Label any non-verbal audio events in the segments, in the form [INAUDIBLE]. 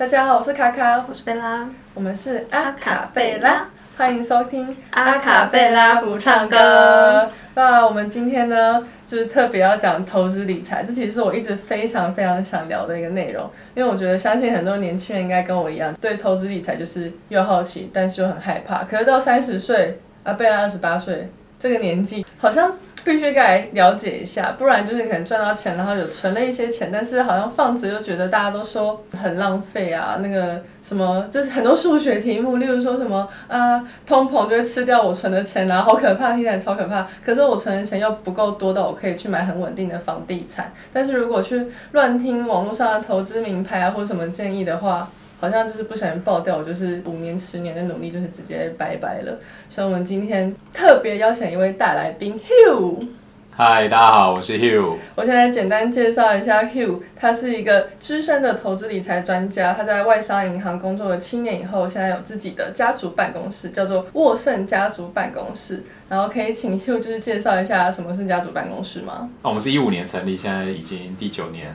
大家好，我是卡卡，我是貝拉，我們是阿卡貝拉，拉，歡迎收聽阿卡貝拉不唱歌。那我們今天呢，就是特別要講投資理財，這其實是我一直非常非常想聊的一個內容，因為我覺得相信很多年輕人應該跟我一樣，對投資理財就是又好奇，但是又很害怕。可是到三十歲，阿、啊、貝拉二十八歲這個年紀，好像。必須該了解一下，不然就是可能賺到錢，然後有存了一些錢，但是好像放着又覺得大家都說很浪費啊，那個什麼就是很多數學題目，例如說什麼啊，通膨就會吃掉我存的錢啊，然後好可怕，聽起來超可怕。可是我存的錢又不夠多到我可以去買很穩定的房地產，但是如果去亂聽網絡上的投資名牌啊或者什麼建議的話。好像就是不小心爆掉，我就是五年十年的努力就是直接拜拜了。所以，我們今天特別邀請一位大來賓，Hugh。嗨，大家好，我是 Hugh。我現在簡單介紹一下 Hugh，他是一個資深的投資理財專家，他在外商銀行工作了七年以後，現在有自己的家族辦公室，叫做沃勝家族辦公室。然後，可以請 Hugh 就是介紹一下什麼是家族辦公室嗎？那我們是一五年成立，現在已經第九年。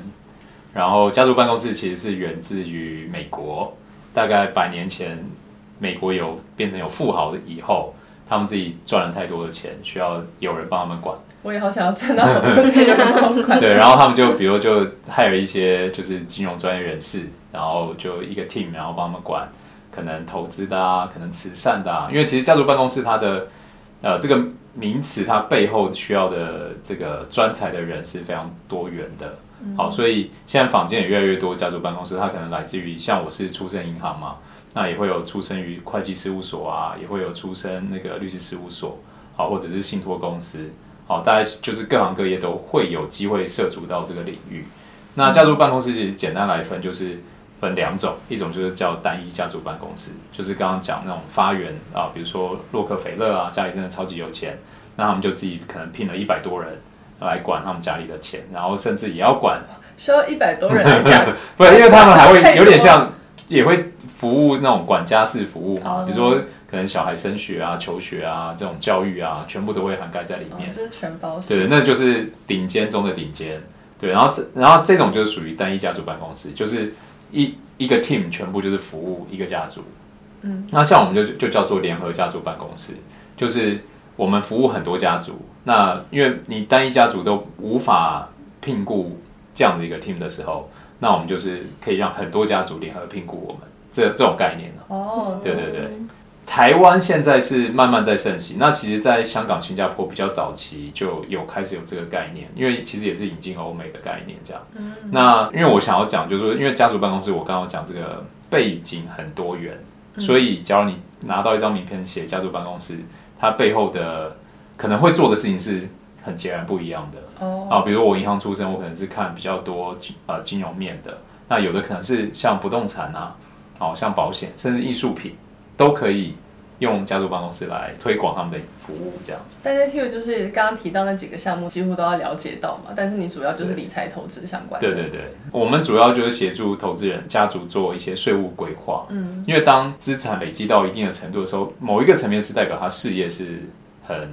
然後，家族辦公室其實是源自於美國，大概百年前，美國有變成有富豪的以後，他們自己賺了太多的錢，需要有人幫他們管。我也好想要賺到很多錢他們對，然後他們就比如就 hire 了一些就是金融專業人士，然後就一個 team，然後幫他們管，可能投資的，啊，可能慈善的，啊，因為其實家族辦公室它的呃這個名詞它背後需要的這個專才的人是非常多元的。嗯、好，所以現在坊間也越來越多家族辦公室，它可能來自於像，我是出身銀行嘛，那也會有出生於會計事務所啊，也會有出身那個律師事務所，好，或者是信託公司，好，大家就是各行各業都會有機會涉足到這個領域。那家族辦公室其實簡單來分就是分兩種，一種就是叫單一家族辦公室，就是剛剛講那種發源啊，比如說洛克菲勒啊，家裡真的超級有錢，那他們就自己可能聘了一百多人，來管他們家裡的錢，然後甚至也要管，需要一百多人。 [LAUGHS] 不，因為他們還會有點像，也會服務那種管家式服務、嗯、比如說，可能小孩升學啊、求學啊這種教育啊，全部都會涵蓋在裡面，就、哦、是全包式。對，那就是頂尖中的頂尖。對，然後這然後這種就是屬於單一家族辦公室，就是一一個 team 全部就是服務一個家族。嗯，那像我們就就叫做聯合家族辦公室，就是。我們服務很多家族，那因為你單一家族都無法聘僱這樣的一個 team 的時候，那我們就是可以讓很多家族聯合聘僱我們這這種概念呢、啊。哦對，對對對，台灣現在是慢慢在盛行。那其實，在香港、新加坡比較早期就有開始有這個概念，因為其實也是引進歐美的概念這樣。嗯、那因為我想要講，就是說，因為家族辦公室，我剛剛講這個背景很多元，所以假如你拿到一張名片寫家族辦公室。它背後的可能會做的事情是很截然不一樣的哦、嗯、啊，比如我銀行出身，我可能是看比較多金啊、呃、金融面的，那有的可能是像不動產啊、哦像保險，甚至藝術品都可以。用家族辦公室來推廣他們的服務，這樣子。但是 Q 就是剛剛提到那幾個項目，幾乎都要了解到嘛。但是你主要就是理財投資相關的。對對對，我們主要就是協助投資人家族做一些稅務規劃。嗯，因為當資產累積到一定的程度的時候，某一個層面是代表他事業是很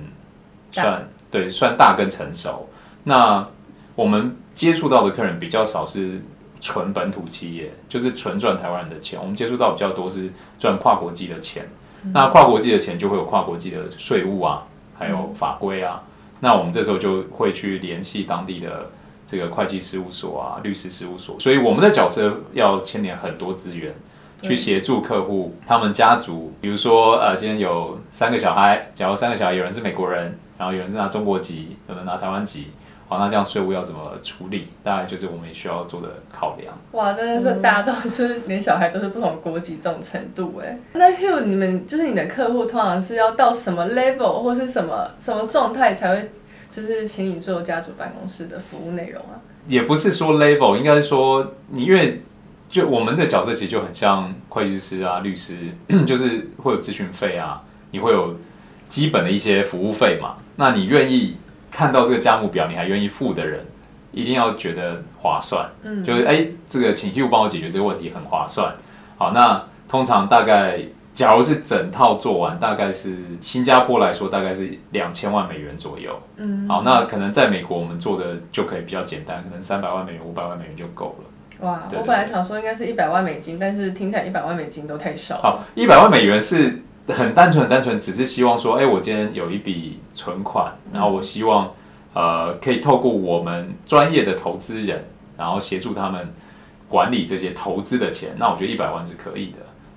算對算大跟成熟。那我們接觸到的客人比較少，是純本土企業，就是純賺台灣人的錢。我們接觸到比較多是賺跨國際的錢。那跨國際的錢就會有跨國際的稅務啊，還有法規啊、嗯。那我們這時候就會去聯繫當地的這個會計事務所啊、律師事務所。所以我們的角色要牽連很多資源，去協助客戶他們家族。比如說，呃，今天有三個小孩，假如三個小孩有人是美國人，然後有人是拿中國籍，有人拿台灣籍。好，那這樣稅務要怎麼處理？大概就是我們也需要做的考量。哇，真的是大到就是連小孩都是不同國籍這種程度哎。那 Hugh 你們就是你的客戶，通常是要到什麼 level 或是什麼什麼狀態才會就是請你做家族辦公室的服務內容啊？也不是說 level，應該是說你因為就我們的角色其實就很像會計師啊、律師，就是會有諮詢費啊，你會有基本的一些服務費嘛。那你願意？看到這個價目表，你還願意付的人，一定要覺得划算。嗯，就是哎、欸，這個請 Hugh 幫我解決這個問題很划算。好，那通常大概，假如是整套做完，大概是新加坡來說大概是兩千萬美元左右。嗯，好，那可能在美國我們做的就可以比較簡單，可能三百萬美元、五百萬美元就夠了。哇對對對，我本來想說應該是一百萬美金，但是聽起來一百萬美金都太少。好，一百萬美元是。很單純，單純只是希望說，哎，我今天有一筆存款，然後我希望，呃，可以透過我們專業的投資人，然後協助他們管理這些投資的錢。那我覺得一百萬是可以的。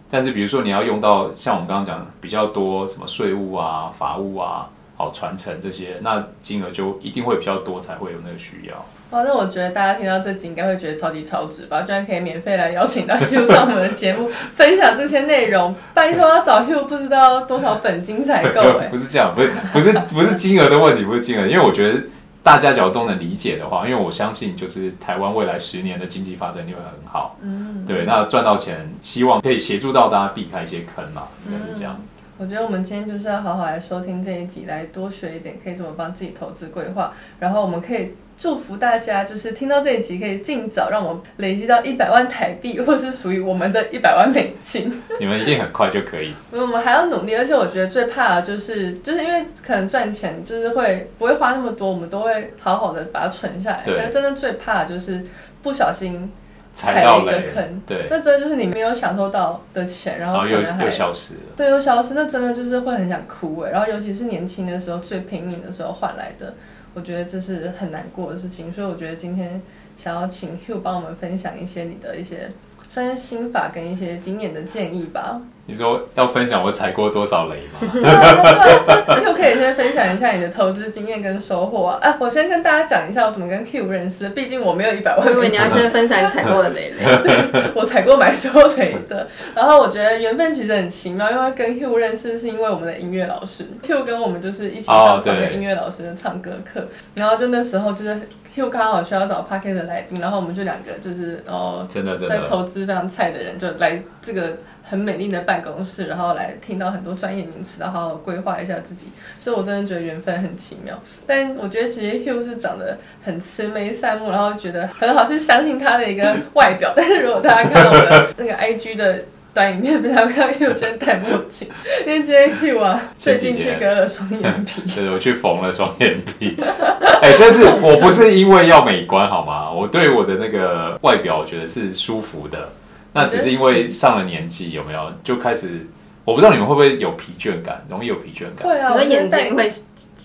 但是，比如說你要用到像我們剛剛講比較多什麼稅務啊、法務啊、好傳承這些，那金額就一定會比較多，才會有那個需要。好、哦，那我覺得大家聽到這集應該會覺得超級超值吧？居然可以免費來邀請到 Hugh 上我們的節目，分享這些內容。拜托，要找 Hugh 不知道多少本金才夠哎！ [LAUGHS] 不是這樣，不是不是不是金額的問題，不是金額，因為我覺得大家只要都能理解的話，因為我相信就是台灣未來十年的經濟發展就會很好。嗯，對，那賺到錢，希望可以協助到大家避開一些坑嘛，應該是這樣。嗯我覺得我們今天就是要好好來收聽這一集，來多學一點，可以怎麼幫自己投資規劃。然後我們可以祝福大家，就是聽到這一集，可以盡早讓我累積到一百萬台幣，或是屬於我們的一百萬美金。你們一定很快就可以。 [LAUGHS] 我們還要努力，而且我覺得最怕的就是就是因為可能賺錢就是會不會花那麼多，我們都會好好的把它存下來。但可是真的最怕的就是不小心。踩，踩了一個坑，那真的就是你沒有享受到的錢，然後可能還消失了對，又消失，那真的就是會很想哭誒，然後尤其是年輕的時候最拼命的時候換來的，我覺得這是很難過的事情。所以我覺得今天想要請 Hugh 幫我們分享一些你的一些算是心法跟一些經驗的建議吧。你說要分享我踩過多少雷嗎？對、 [LAUGHS] [LAUGHS] [LAUGHS] 啊、你就可以先分享一下你的投資經驗跟收穫啊！哎、啊，我先跟大家講一下我怎麼跟 Hugh 認識，畢竟我沒有一百萬雷。因為你要先分享你踩過的雷。 [LAUGHS] 對，我踩過蠻多雷的。 [LAUGHS] 然後我覺得緣分其實很奇妙，因為跟 Hugh 認識是因為我們的音樂老師，Hugh、oh, 跟我們就是一起上這個音樂老師的唱歌課，然後就那時候就是。Hugh 剛好需要找 Parker 的來賓，然後我們就兩個就是哦，在投資非常菜的人就來這個很美麗的辦公室，然後來聽到很多專業名詞，然後規劃一下自己。所以我真的覺得緣分很奇妙。但我覺得其實 Hugh 是長得很慈眉善目，然後覺得很好，去相信他的一個外表。 [LAUGHS] 但是如果大家看到我的那個 IG 的。短影片比較漂亮，又兼戴墨鏡。因為今天我、啊、最近去，去割了雙眼皮呵呵，對，我去縫了雙眼皮。哎、 [LAUGHS] 欸，這真是 [LAUGHS] 我不是因為要美觀好嗎？我對我的那個外表，我覺得是舒服的。那只是因為上了年紀，有沒有就開始？我不知道你們會不會有疲倦感，容易有疲倦感。會啊，我的眼睛會。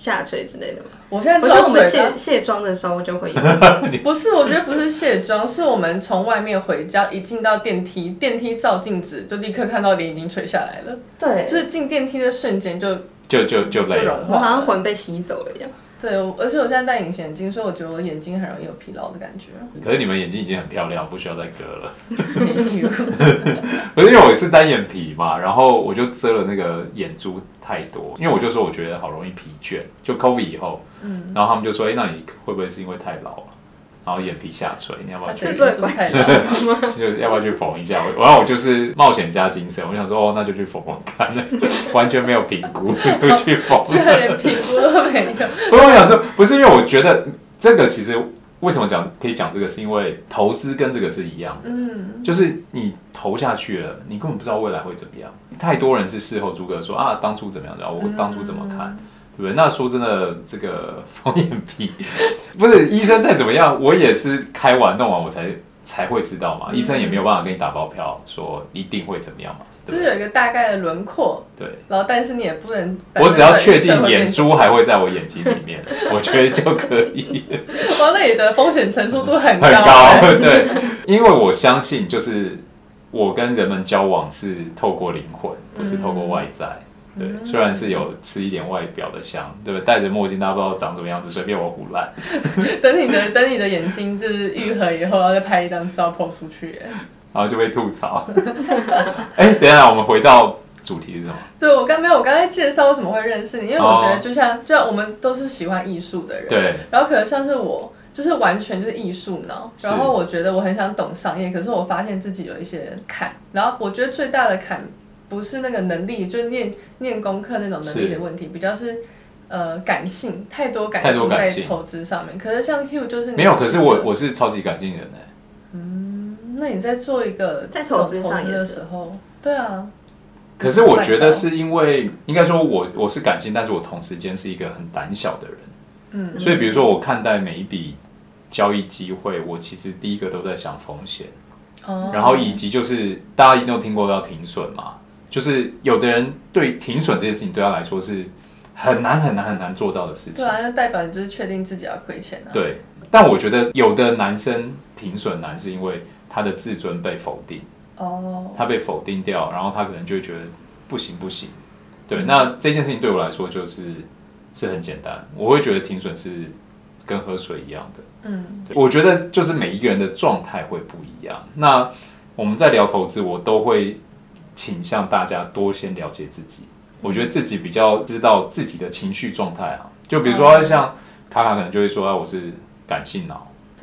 下垂之類的嗎？我現在知道、啊、我們卸卸妝的時候就會有。 [LAUGHS] 你不是，我覺得不是卸妝，是我們從外面回家，一進到電梯，電梯照鏡子就立刻看到臉已經垂下來了。對，就是進電梯的瞬間就就就就累了，融化了，我好像魂被吸走了一樣。對，而且我現在戴隱形眼鏡，所以我覺得我眼睛很容易有疲勞的感覺、啊。可是你們眼睛已經很漂亮，不需要再割了。可 [LAUGHS] 繼續 [LAUGHS] 是因為我是單眼皮嘛，然後我就遮了那個眼珠。太多。因為我就說我覺得好容易疲倦，就 COVID 以後，嗯，然後他們就說，哎、欸，那你會不會是因為太老了、啊，然後眼皮下垂，你要不要去做、啊？就要不要去縫一下？然後我就是冒險家精神，我想說，哦，那就去縫縫看了，就完全沒有評估就去縫了，哦、連評估都沒有。 [LAUGHS] 不過我想說，不是因為我覺得這個其實。為什麼講可以講這個？是因為投資跟這個是一樣的，嗯，就是你投下去了，你根本不知道未來會怎麼樣。太多人是事後諸葛說啊，當初怎麼樣然後、啊、我當初怎麼看、嗯，對不對？那說真的，這個雙眼皮不是醫生再怎麼樣，我也是開完弄完我才才會知道嘛、嗯。醫生也沒有辦法給你打包票說一定會怎麼樣嘛。就是有一個大概的輪廓，對。然後，但是你也不能，我只要確定眼珠還會在我眼睛裡面， [LAUGHS] 我覺得就可以哇。那你的風險成熟度很高。啊，很高。對， [LAUGHS] 因為我相信，就是我跟人們交往是透過靈魂，不是透過外在，嗯對嗯。對，雖然是有吃一點外表的香，對吧？戴着墨鏡，大家不知道長什麼樣子，隨便我唬爛。等你的， [LAUGHS] 等你的眼睛就是癒合以後，要再拍一張照 po 出去。欸。然後就被吐槽。 [LAUGHS] 哎， [LAUGHS] 欸，等一下，我們回到主題是什麼？對，我剛沒有，我剛才介紹為什麼會認識你，因為我覺得就像，哦、就像我們都是喜歡藝術的人，對。然後可能像是我，就是完全就是藝術腦。然後我覺得我很想懂商業，可是我發現自己有一些坎。然後我覺得最大的坎不是那個能力，就是念念功課那種能力的問題，比較是呃感性太多感性在投資上面。可是像 Hugh 就是沒有是，可是我我是超級感性的人哎，欸。那你在做一個在投資上投的時候，對啊。可是我覺得是因為應該說我，我我是感性，但是我同時間是一個很膽小的人。嗯。所以比如說，我看待每一筆交易機會，我其實第一個都在想風險。嗯，然後以及就是大家一定聽過要停損嘛，就是有的人對停損這件事情對他來說是很難很難很難做到的事情。對啊，那代表你就是確定自己要虧錢啊。對。但我覺得有的男生停損難是因為。他的自尊被否定，哦、oh.，他被否定掉，然後他可能就會覺得不行不行。對，嗯、那這件事情對我來說就是是很簡單，我會覺得停損是跟喝水一樣的。嗯，我覺得就是每一個人的狀態會不一樣。那我們在聊投資，我都會傾向大家多先了解自己。我覺得自己比較知道自己的情緒狀態啊，就比如說、oh. 像卡卡可能就會說，啊、我是感性腦。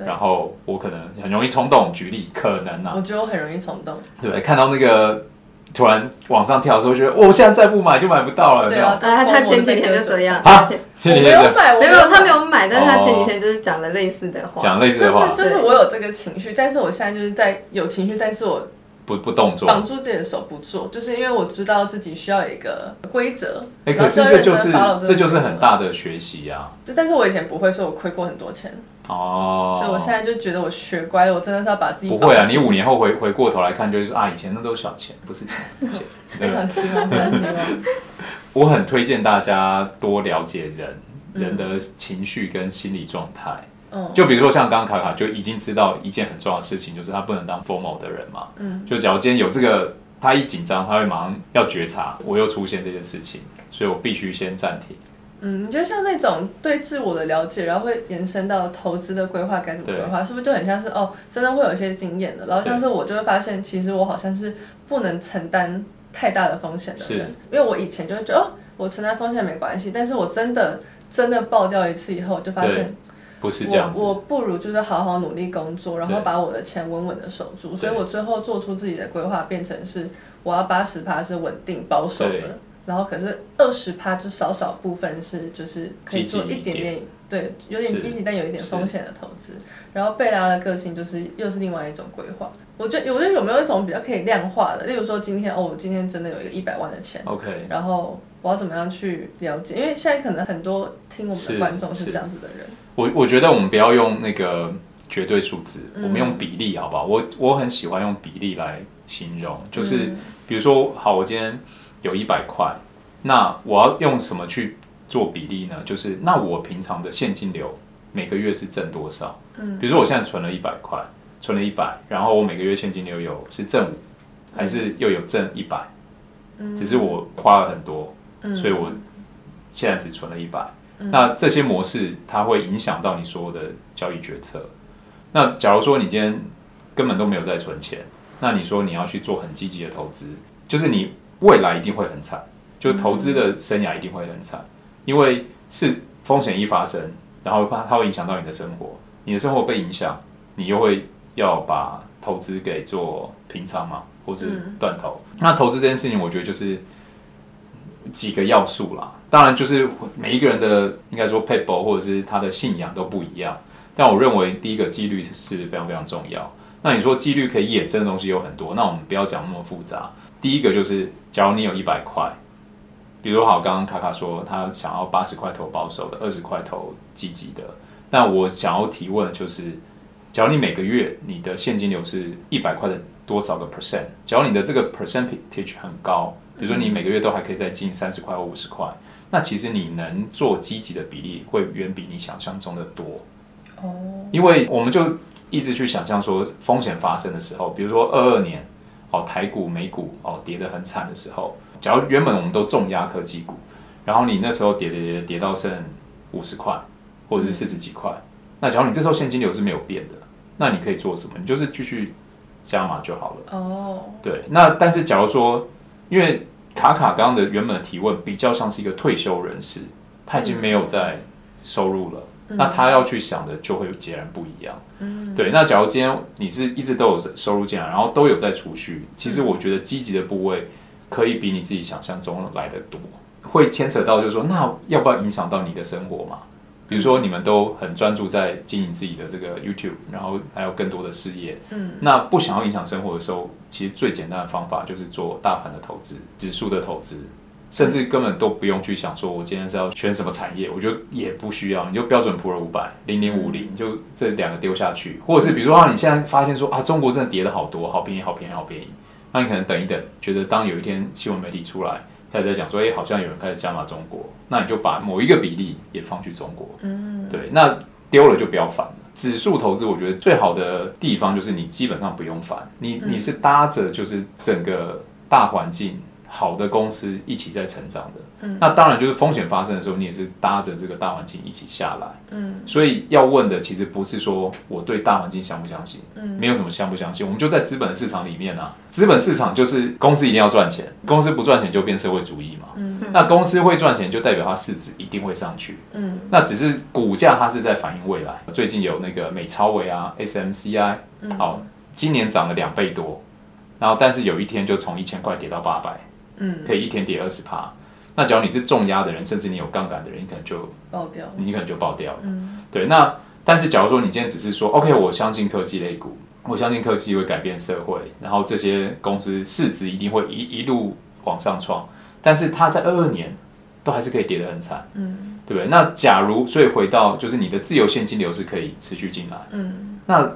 然後我可能很容易衝動，舉例可能啊，我覺得我很容易衝動。對，看到那個突然往上跳的時候，覺得我、哦、現在再不買就買不到了。對啊，他、啊啊、他前幾天就這樣啊，前幾天沒有買，我沒有,沒有他沒有買，但是他前幾天就是講了類似的話，講類似的話，就是、就是、我有這個情緒，但是我現在就是在有情緒，但是我不不動作，綁住自己的手不做，就是因為我知道自己需要一個規則、欸。可是這就是就這,這就是很大的學習呀、啊。就但是我以前不會，說我虧過很多錢。哦、oh,，所以我現在就覺得我學乖了，我真的是要把自己不會啊！你五年後回回過頭來看，就是說啊，以前那都是小錢，不是大錢，非常吃力。 [LAUGHS] 我很推薦大家多了解人，嗯、人的情緒跟心理狀態。嗯，就比如說像剛剛卡卡就已經知道一件很重要的事情，就是他不能當 FOMO 的人嘛。嗯，就假如今天有這個，他一緊張，他會馬上要覺察我又出現這件事情，所以我必須先暫停。嗯，你覺得像那種對自我的了解，然後會延伸到投資的規劃該怎麼規劃，是不是就很像是哦，真的會有一些經驗的？然後像是我就會發現，其實我好像是不能承擔太大的風險的人，因為我以前就會覺得哦，我承擔風險沒關係，但是我真的真的爆掉一次以後，就發現不是這樣子我，我不如就是好好努力工作，然後把我的錢穩穩的守住，所以我最後做出自己的規劃，變成是我要八十趴是穩定保守的。然後可是二十趴就少少部分是就是可以做一點點，積極一點，對，有點積極但有一點風險的投資。然後貝拉的個性就是又是另外一種規劃。我覺我覺得有沒有一種比較可以量化的，例如說今天哦，我今天真的有一個一百萬的錢。OK。然後我要怎麼樣去了解？因為現在可能很多聽我們的觀眾是這樣子的人。我我覺得我們不要用那個絕對數字，我們用比例好不好？我我很喜歡用比例來形容，就是、嗯、比如說好，我今天。有一百塊，那我要用什麼去做比例呢？就是那我平常的現金流每個月是掙多少？嗯，比如說我現在存了一百塊，存了一百，然後我每個月現金流有是掙五、嗯，還是又有掙一百？只是我花了很多，所以我現在只存了一百、嗯。那這些模式它會影響到你所有的交易決策。那假如說你今天根本都沒有在存錢，那你說你要去做很積極的投資，就是你。未來一定會很慘，就投資的生涯一定會很慘，嗯、因為是風險一發生，然後它它會影響到你的生活，你的生活被影響，你又會要把投資給做平倉嘛，或者斷頭、嗯。那投資這件事情，我覺得就是幾個要素啦。當然，就是每一個人的應該說 paper 或者是他的信仰都不一樣，但我認為第一個紀律是非常非常重要。那你說紀律可以衍生的東西有很多，那我們不要講那麼複雜。第一個就是，假如你有一百塊，比如說好，剛剛卡卡說他想要八十塊投保守的，二十塊投積極的。那我想要提問就是，假如你每個月你的現金流是一百塊的多少個 percent？假如你的這個 percentage 很高，比如說你每個月都還可以再進三十塊或五十塊，那其實你能做積極的比例會遠比你想象中的多。哦，因為我們就一直去想象說，風險發生的時候，比如說二二年。哦，台股、美股哦，跌得很慘的時候，假如原本我們都重壓科技股，然後你那時候跌跌跌，跌到剩五十塊，或者是四十幾塊、嗯，那假如你這時候現金流是沒有變的，那你可以做什麼？你就是繼續加碼就好了。哦，對，那但是假如說，因為卡卡剛剛的原本的提問比較像是一個退休人士，他、嗯、已經沒有在收入了。嗯、那他要去想的就會截然不一樣，嗯，對。那假如今天你是一直都有收入進來，然後都有在儲蓄，其實我覺得積極的部位可以比你自己想象中來得多，會牽扯到就是說，那要不要影響到你的生活嘛？比如說你們都很專注在經營自己的這個 YouTube，然後還有更多的事業，嗯，那不想要影響生活的時候，其實最簡單的方法就是做大盤的投資，指數的投資。甚至根本都不用去想，說我今天是要選什麼產業，我覺得也不需要，你就標準普爾五百、零零五零，就這兩個丟下去，或者是比如說啊，你現在發現說啊，中國真的跌了好多，好便宜，好便宜，好便宜，那你可能等一等，覺得當有一天新聞媒體出來，他在講說，哎、欸，好像有人開始加碼中國，那你就把某一個比例也放去中國，嗯，對，那丟了就不要煩了。指數投資我覺得最好的地方就是你基本上不用煩，你你是搭着就是整個大環境。好的公司一起在成長的，嗯、那當然就是風險發生的時候，你也是搭着這個大環境一起下來。嗯，所以要問的其實不是說我對大環境相不相信，嗯，沒有什麼相不相信，我們就在資本市場裡面啊。資本市場就是公司一定要賺錢，公司不賺錢就變社會主義嘛。嗯，那公司會賺錢就代表它市值一定會上去。嗯，那只是股價它是在反映未來。最近有那個美超微啊，SMCI，好、嗯哦，今年漲了兩倍多，然後但是有一天就從一千塊跌到八百。嗯，可以一天跌二十趴，嗯、那假如你是重壓的人，甚至你有槓桿的人，你可能就爆掉，你可能就爆掉了。嗯，對。那但是，假如說你今天只是說，OK，我相信科技類股，我相信科技會改變社會，然後這些公司市值一定會一一路往上創，但是它在二二年都還是可以跌得很慘。嗯，對不對？那假如，所以回到就是你的自由現金流是可以持續進來。嗯，那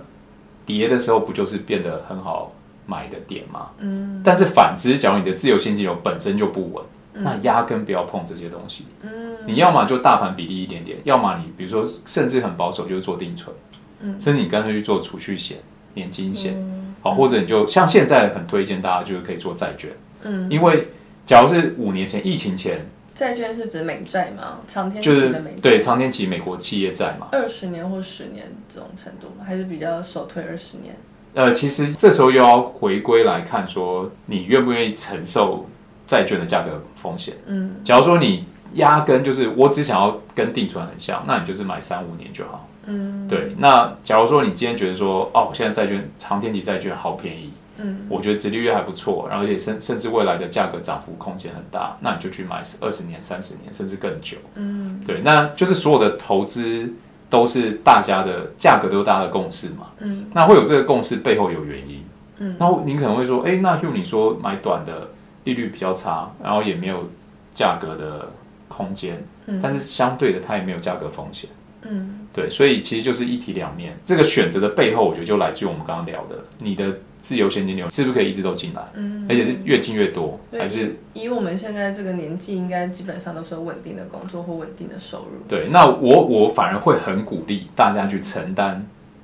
跌的時候不就是變得很好買的點嘛，嗯，但是反之，假如你的自由現金流本身就不穩，嗯，那壓根不要碰這些東西，嗯，你要麼就大盤比例一點點，嗯，要麼你比如說甚至很保守就是做定存，嗯，甚至你乾脆去做儲蓄險、年金險，嗯，好，嗯，或者你就像現在很推薦大家就是可以做債券，嗯，因為假如是五年前疫情前，債券是指美債嗎？長天期的美債？就是、對，長天期美國企業債嘛，二十年或十年這種程度，還是比較首推二十年。呃，其實這時候又要回歸來看，說你願不願意承受債券的價格風險。嗯，假如說你壓根就是我只想要跟定存很像，那你就是買三五年就好。嗯，對。那假如說你今天覺得說，哦，我現在債券長天期債券好便宜，嗯，我覺得殖利率還不錯，然後也甚甚至未來的價格漲幅空間很大，那你就去買二十年、三十年甚至更久。嗯，對。那就是所有的投資。都是大家的價格，都是大家的共識嘛。嗯，那會有這個共識背後有原因。嗯，那你可能會說，誒、欸，那就你說買短的利率比較差，然後也沒有價格的空間。嗯，但是相對的它也沒有價格風險。嗯，對，所以其實就是一體兩面。這個選擇的背後，我覺得就來自於我們剛剛聊的你的。自由現金流是不是可以一直都進來？嗯，而且是越進越多，以以還是以我們現在這個年紀，應該基本上都是有穩定的工作或穩定的收入。對，那我我反而會很鼓勵大家去承擔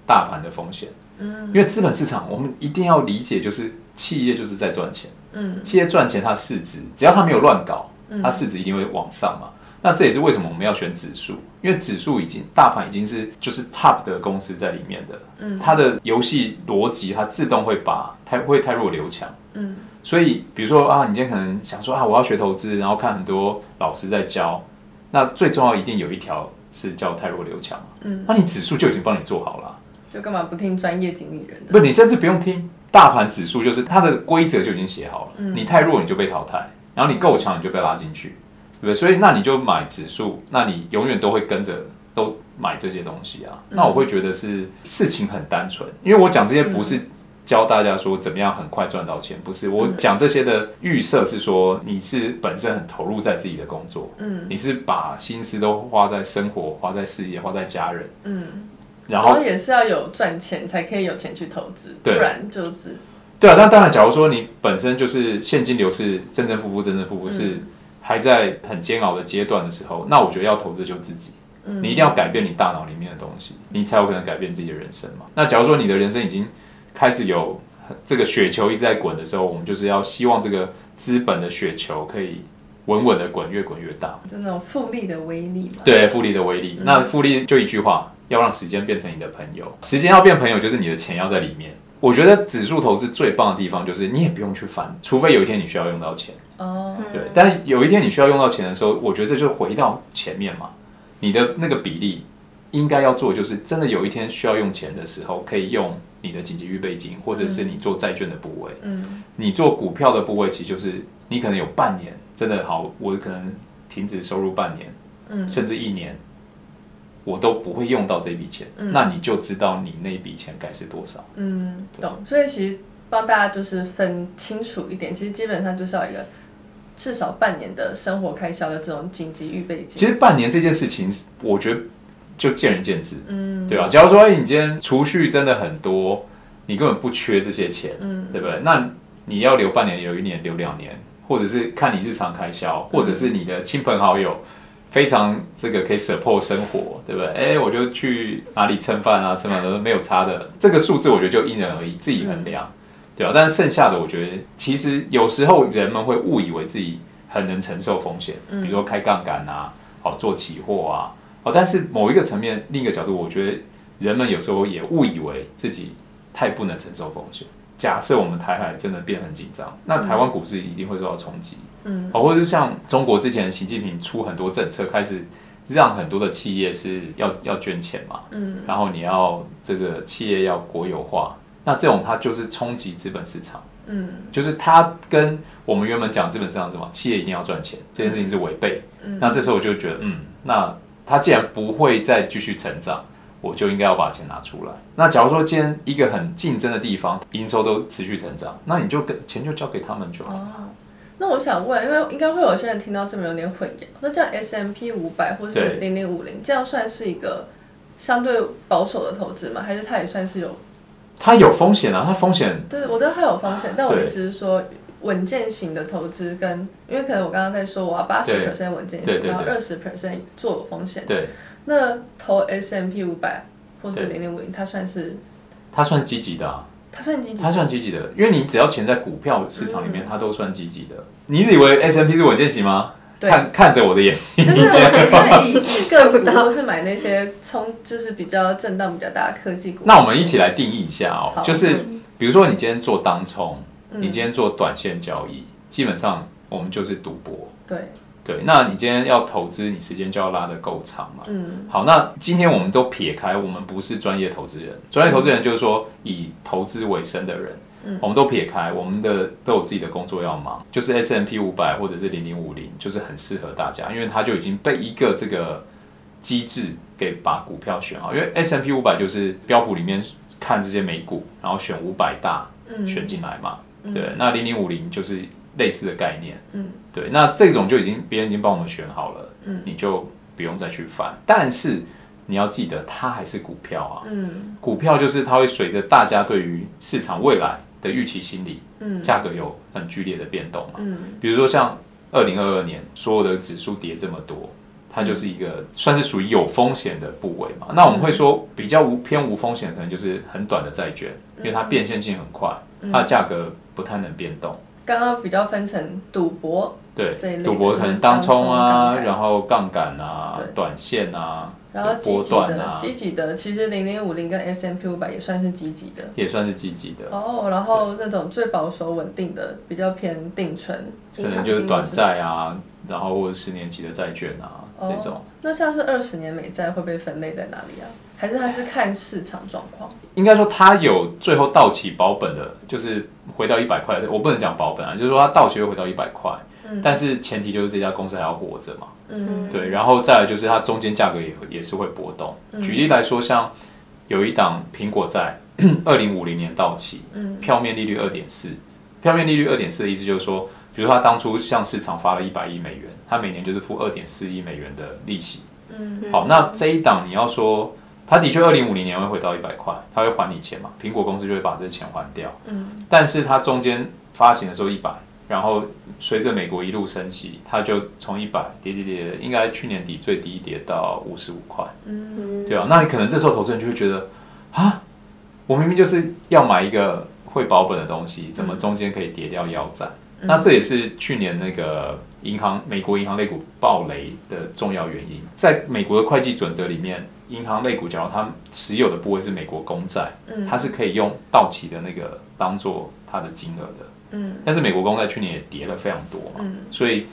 大盤的風險，嗯，因為資本市場我們一定要理解，就是企業就是在賺錢，嗯，企業賺錢它市值，只要它沒有亂搞，它市值一定會往上嘛。那這也是為什麼我們要選指數，因為指數已經大盤已經是就是 top 的公司在裡面的，嗯，它的遊戲邏輯它自動會把太會汰弱留強，嗯，所以比如說啊，你今天可能想說啊，我要學投資，然後看很多老師在教，那最重要一定有一條是叫汰弱留強，嗯，那你指數就已經幫你做好了，啊，就幹嘛不聽專業經理人的？不，你甚至不用聽，大盤指數就是它的規則就已經寫好了，嗯，你太弱你就被淘汰，然後你夠強你就被拉進去。對，所以那你就買指數，那你永遠都會跟着都買這些東西啊、嗯。那我會覺得是事情很單純，因為我講這些不是教大家說怎麼樣很快賺到錢，不是，我講這些的預設是說，你是本身很投入在自己的工作，嗯，你是把心思都花在生活、花在事業、花在家人，嗯，然後也是要有賺錢才可以有錢去投資，不然就是對啊。那當然，假如說你本身就是現金流是正正負負正正負負，正正負負是。嗯還在很煎熬的階段的時候，那我覺得要投資就自己，你一定要改變你大腦裡面的東西，你才有可能改變自己的人生嘛。那假如說你的人生已經開始有這個雪球一直在滾的時候，我們就是要希望這個資本的雪球可以穩穩的滾，越滾越大，就那種複利的威力嘛。對，複利的威力。那複利就一句話，要讓時間變成你的朋友。時間要變朋友，就是你的錢要在裡面。我覺得指數投資最棒的地方就是你也不用去翻，除非有一天你需要用到錢。哦、Oh，對，但有一天你需要用到錢的時候，我覺得這就回到前面嘛。你的那個比例應該要做，就是真的有一天需要用錢的時候，可以用你的緊急預備金、嗯，或者是你做債券的部位。嗯，你做股票的部位，其實就是你可能有半年，真的好，我可能停止收入半年，嗯、甚至一年。我都不會用到這筆錢，嗯，那你就知道你那筆錢該是多少。嗯，懂。所以其實幫大家就是分清楚一點，其實基本上就是要一個至少半年的生活開銷的這種緊急預備金。其實半年這件事情，我覺得就見仁見智。嗯，對吧？假如說你今天儲蓄真的很多，你根本不缺這些錢，嗯，對不對？那你要留半年，留一年，留兩年，或者是看你日常開銷，或者是你的親朋好友。嗯非常這個可以 support 生活，對不對？哎、欸，我就去哪裡蹭飯啊？蹭飯都沒有差的。這個數字我覺得就因人而異，自己衡量，對吧、啊？但是剩下的，我覺得其實有時候人們會誤以為自己很能承受風險，比如說開槓桿啊，好、哦、做期貨啊，哦。但是某一個層面、嗯，另一個角度，我覺得人們有時候也誤以為自己太不能承受風險。假設我們台海真的變很緊張，那台灣股市一定會受到衝擊。嗯、哦，或者是像中國之前習近平出很多政策，開始讓很多的企業是要要捐錢嘛，嗯，然後你要這個企業要國有化，那這種它就是衝擊資本市場，嗯，就是它跟我們原本講資本市場是什麼，企業一定要賺錢這件事情是違背，嗯，那這時候我就覺得，嗯，那它既然不會再繼續成長，我就應該要把錢拿出來。那假如說今天一個很競爭的地方，營收都持續成長，那你就跟錢就交給他們就好了。好、哦。那我想問，因為應該會有些人聽到這麼有點混淆。那這樣 S&P 五百或是零零五零，這樣算是一個相對保守的投資嗎？還是它也算是有？它有風險啊，它風險。對，我知道它有風險。但我意思是說穩健型的投資，跟因為可能我剛剛在說，我要八十 percent 穩健型，要二十 percent 做有風險。對。那投 S&P 五百或是零零五零，它算是？它算積極的啊。它算積極的，積極的，因為你只要錢在股票市場裡面，它、嗯、都算積極的。你一直以為 S&P 是穩健型嗎？嗯、看對看着我的眼睛，真的、OK, [LAUGHS] 我以個股都是買那些衝，就是比較震盪比較大的科技股。那我們一起來定義一下哦，就是、嗯、比如說你今天做當衝、嗯，你今天做短線交易，基本上我們就是賭博。對。對，那你今天要投資，你時間就要拉得夠長嘛。嗯。好，那今天我們都撇開，我們不是專業投資人，專業投資人就是說以投資為生的人。嗯。我們都撇開，我們的都有自己的工作要忙，就是 S&P 五百或者是零零五零，就是很適合大家，因為它就已經被一個這個機制給把股票選好，因為 S&P 五百就是標普裡面看這些美股，然後選五百大，嗯，選進來嘛。對，那零零五零就是。類似的概念，嗯，對，那這種就已經別人已經幫我們選好了，嗯，你就不用再去翻。但是你要記得，它還是股票啊，嗯，股票就是它會隨着大家對於市場未來的預期心理，嗯，價格有很劇烈的變動嘛，嗯，比如說像二零二二年所有的指數跌這麼多，它就是一個算是屬於有風險的部位嘛。那我們會說比較無偏無風險，可能就是很短的債券，因為它變現性很快，它的價格不太能變動。剛剛比較分成賭博對這一類，賭博可能當沖啊,啊,啊，然後槓桿啊，短線啊，然後波段啊，積極的,積極的其實零零五零跟 S&P 五百也算是積極的，也算是積極的哦。Oh, 然後那種最保守穩定的，比較偏定存，可能就是短債啊，然後或者是十年期的債券啊這種。Oh, 那像是二十年美債會被分類在哪裡啊？還是他是看市場狀況，應該說他有最後到期保本的，就是回到一百塊。我不能講保本啊，就是說他到期會回到一百塊，但是前提就是這家公司還要活着嘛。嗯，對。然後再來就是它中間價格也會也是會波動。嗯，舉例來說，像有一檔蘋果在二零五零年到期，票面利率二點四，票面利率二點四的意思就是說，比如他當初向市場發了一百億美元，他每年就是付二點四億美元的利息。嗯，好，那這一檔你要說。他的確，二零五零年會回到一百塊，他會還你錢嘛？蘋果公司就會把這錢還掉。嗯，但是它中間發行的時候一百，然後隨着美國一路升息，它就從一百跌跌跌，應該去年底最低一跌到五十五塊。嗯，對吧、啊？那可能這時候投資人就會覺得啊，我明明就是要買一個會保本的東西，怎麼中間可以跌掉腰斬、嗯？那這也是去年那個銀行、美國銀行類股暴雷的重要原因。在美國的會計準則裡面。銀行類股，假如它持有的部位是美國公債，嗯，它是可以用到期的那個當做它的金額的，嗯，但是美國公債去年也跌了非常多嘛，嗯，所以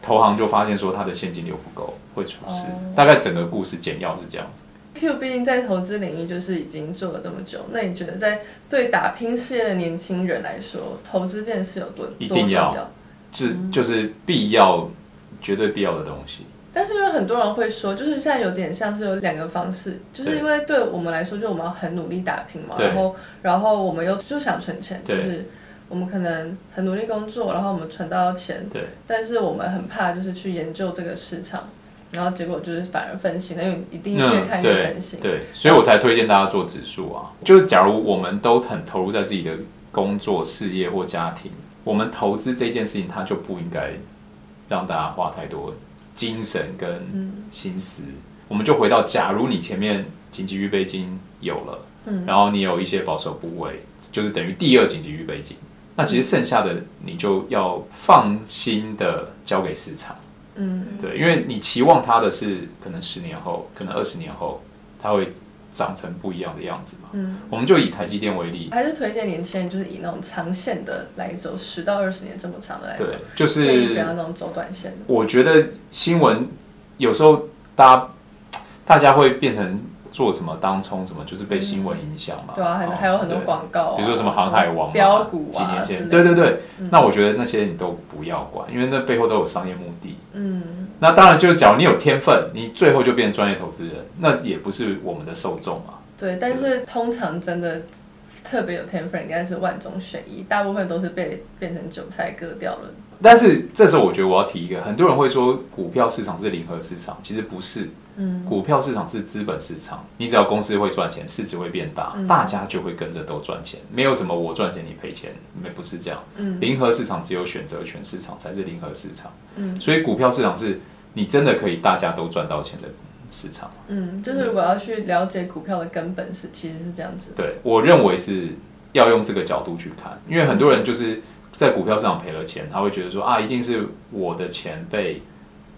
投行就發現說它的現金流不夠，會出事。哦。大概整個故事簡要是這樣子。Hugh、哦、畢竟在投資領域就是已經做了這麼久，那你覺得在對打拼事業的年輕人來說，投資這件事有多一定要？多重要？是，嗯、就，就是必要，絕對必要的東西。但是因為很多人會說，就是現在有點像是有兩個方式，就是因為對我們來說，就我們要很努力打拼嘛，然後然後我們又就想存錢，就是我們可能很努力工作，然後我們存到錢對，但是我們很怕就是去研究這個市場，然後結果就是反而分心了，因為一定越看越分心。對，對，所以我才推薦大家做指數啊。就是假如我們都很投入在自己的工作、事業或家庭，我們投資這件事情，它就不應該讓大家花太多。精神跟心思，嗯，我們就回到，假如你前面緊急預備金有了，嗯、然後你有一些保守部位，就是等於第二緊急預備金，嗯，那其實剩下的你就要放心的交給市場，嗯，對，因為你期望它的是，可能十年後，可能二十年後，它會。長成不一樣的樣子嘛，嗯，我們就以台積電為例，還是推薦年輕人就是以那種長線的來走，十到二十年這麼長的來走，對，就是不要那種走短線的。我覺得新聞有時候，大家大家會變成。做什麼當沖什麼，就是被新聞影響嘛、嗯。對啊、哦，還有很多廣告、哦，比如說什麼航海王、嗯、飆股啊，幾年前。對對對、嗯，那我覺得那些你都不要管，因為那背後都有商業目的。嗯。那當然，就是假如你有天分，你最後就變專業投資人，那也不是我們的受眾嘛。對，對但是通常真的特別有天分，應該是萬中選一，大部分都是被變成韭菜割掉了。但是這時候，我覺得我要提一個，很多人會說股票市場是零和市場，其實不是。嗯，股票市場是資本市場，你只要公司會賺錢，市值會變大，嗯，大家就會跟着都賺錢，沒有什麼我賺錢你賠錢，沒不是這樣。嗯，零和市場只有選擇權市場才是零和市場。嗯，所以股票市場是你真的可以大家都賺到錢的市場。嗯，就是如果要去了解股票的根本是，嗯，其實是這樣子的。對，我認為是要用這個角度去談，因為很多人就是。嗯在股票市場賠了錢，他會覺得說啊，一定是我的錢被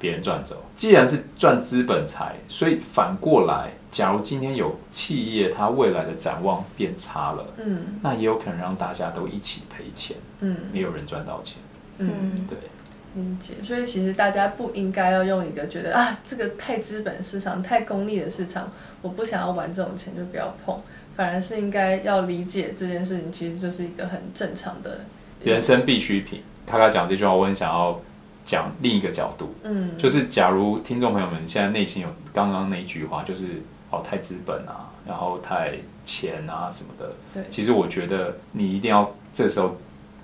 別人賺走。既然是賺資本財，所以反過來，假如今天有企業它未來的展望變差了，嗯，那也有可能讓大家都一起賠錢，嗯，沒有人賺到錢，嗯，對，所以其實大家不應該要用一個覺得啊，這個太資本市場太功利的市場，我不想要玩這種錢就不要碰，反而是應該要理解這件事情，其實就是一個很正常的人生必需品。他剛講這句話，我很想要講另一個角度，嗯，就是假如聽眾朋友們現在內心有剛剛那句話，就是哦太資本啊，然後太錢啊什麼的，對，其實我覺得你一定要這時候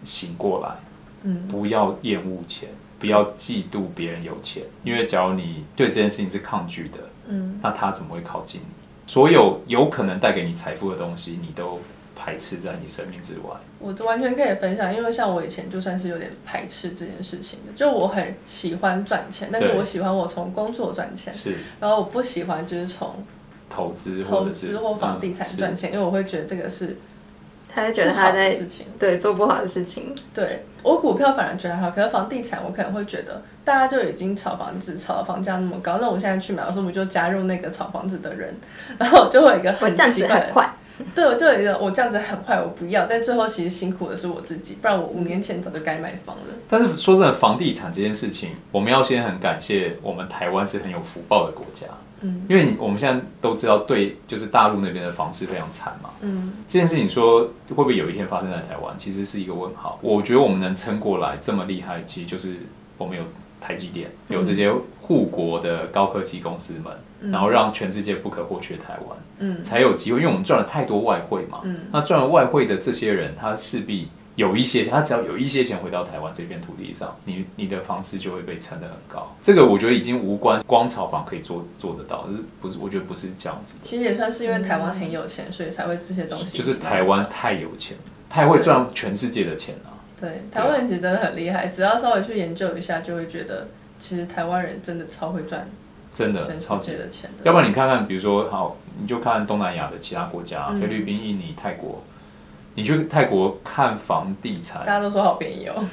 醒過來，嗯，不要厭惡錢，不要嫉妒別人有錢，因為假如你對這件事情是抗拒的，嗯，那他怎麼會靠近你？所有有可能帶給你財富的東西，你都，排斥在你生命之外，我都完全可以分享，因為像我以前就算是有點排斥這件事情的，就我很喜歡賺錢，但是我喜歡我從工作賺錢，是，然後我不喜歡就是從投資、投資或房地產賺錢，嗯，因為我會覺得這個是，他就覺得他在事情，對，做不好的事情，對我股票反而覺得還好，可是房地產我可能會覺得大家就已經炒房子，炒房價那麼高，那我現在去買，我是不是就加入那個炒房子的人，然後就會有一個很奇怪的很快。對對我這樣子很壞，我不要。但最後其實辛苦的是我自己，不然我五年前早就該買房了。但是說真的，房地產這件事情，我們要先很感謝我們台灣是很有福報的國家。嗯，因為你我們現在都知道，對，就是大陸那邊的房市非常慘嘛。嗯，這件事情說會不會有一天發生在台灣，其實是一個問號。我覺得我們能撐過來這麼厲害，其實就是我們有台積電，有這些護國的高科技公司們。嗯嗯嗯、然後讓全世界不可或缺，台灣，嗯，才有機會，因為我們賺了太多外匯嘛，嗯，那賺了外匯的這些人，他勢必有一些錢，他只要有一些錢回到台灣這片土地上，你你的房子就會被撐得很高。這個我覺得已經無關光炒房可以做做得到，是不是？我覺得不是這樣子。其實也算是因為台灣很有錢，嗯、所以才會這些東西。就是台灣太有錢太會賺全世界的錢了，啊。對，台灣人其實真的很厲害，啊，只要稍微去研究一下，就會覺得其實台灣人真的超會賺。真的超級的錢的，要不然你看看，比如說好，你就看東南亞的其他國家，嗯、菲律賓、印尼、泰國，你去泰國看房地產，大家都說好便宜哦。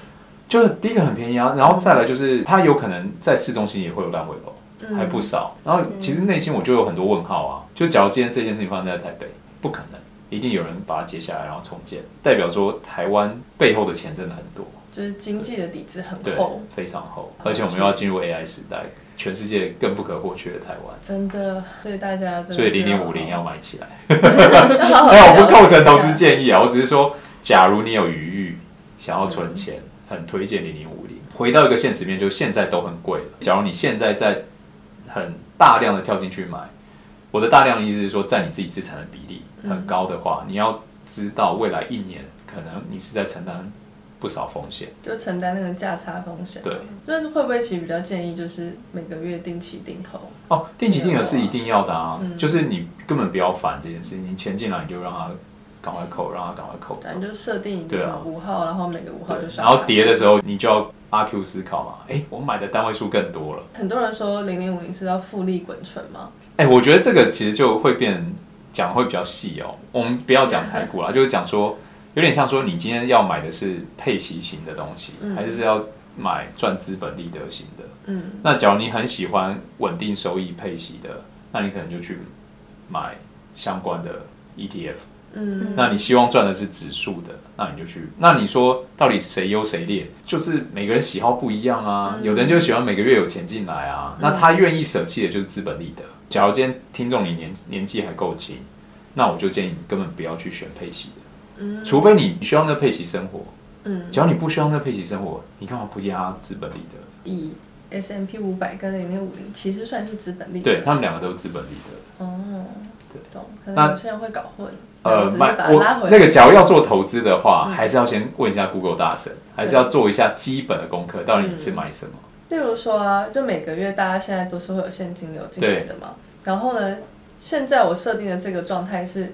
就是第一個很便宜啊，然後再來就是、嗯、它有可能在市中心也會有爛尾樓、哦嗯，還不少。然後其實內心我就有很多問號啊、嗯，就假如今天這件事情發生在台北，不可能，一定有人把它接下來然後重建，代表說台灣背後的錢真的很多，就是經濟的底子很厚，非常厚，而且我們又要進入 AI 時代。全世界更不可或缺的台灣，真的對大家，所以零零五零要買起來。 [LAUGHS] [LAUGHS] 哎、我不構成投資建議啊，我只是說，假如你有餘裕想要存錢，很推薦零零五零。回到一個現實面，就現在都很貴了。假如你現在在很大量的跳進去買，我的大量的意思是說，佔你自己資產的比例很高的話，嗯、你要知道未來一年可能你是在承擔。不少風險，就承擔那個價差風險。對，就是會不會其實比較建議，就是每個月定期定投？哦，定期定額是一定要的啊、嗯，就是你根本不要煩這件事情，你錢進來你就讓它趕快扣，讓它趕快扣。反正就設定，你就5，對啊，五號，然後每個五號就上。然後跌的時候，你就要阿 Q 思考嘛，哎、欸，我們買的單位數更多了。很多人說零零五零是要複利滾存嗎？哎、欸，我覺得這個其實就會變講會比較細哦、喔，我們不要講太過啦， [LAUGHS] 就是講說。有點像說，你今天要買的是配息型的東西，嗯、還是要買賺資本利得型的？嗯，那假如你很喜歡穩定收益配息的，那你可能就去買相關的 ETF。嗯，那你希望賺的是指數的，那你就去。那你說到底誰優誰劣？就是每個人喜好不一樣啊，嗯、有人就喜歡每個月有錢進來啊，嗯、那他願意捨棄的就是資本利得、嗯。假如今天聽眾你年年紀還夠輕，那我就建議你根本不要去選配息的。嗯、除非你需要那個配息生活，嗯，只要你不需要那個配息生活，你幹嘛不壓資本利得？以 S&P 500跟0050其實算是資本利得，對他們兩個都是資本利得。哦，對懂。那現在會搞混，呃，買我那個，假如要做投資的話、嗯，還是要先問一下 Google 大神，嗯、還是要做一下基本的功課，到底你是買什麼、嗯？例如說啊，就每個月大家現在都是會有現金流進來的嘛，然後呢，現在我設定的這個狀態是。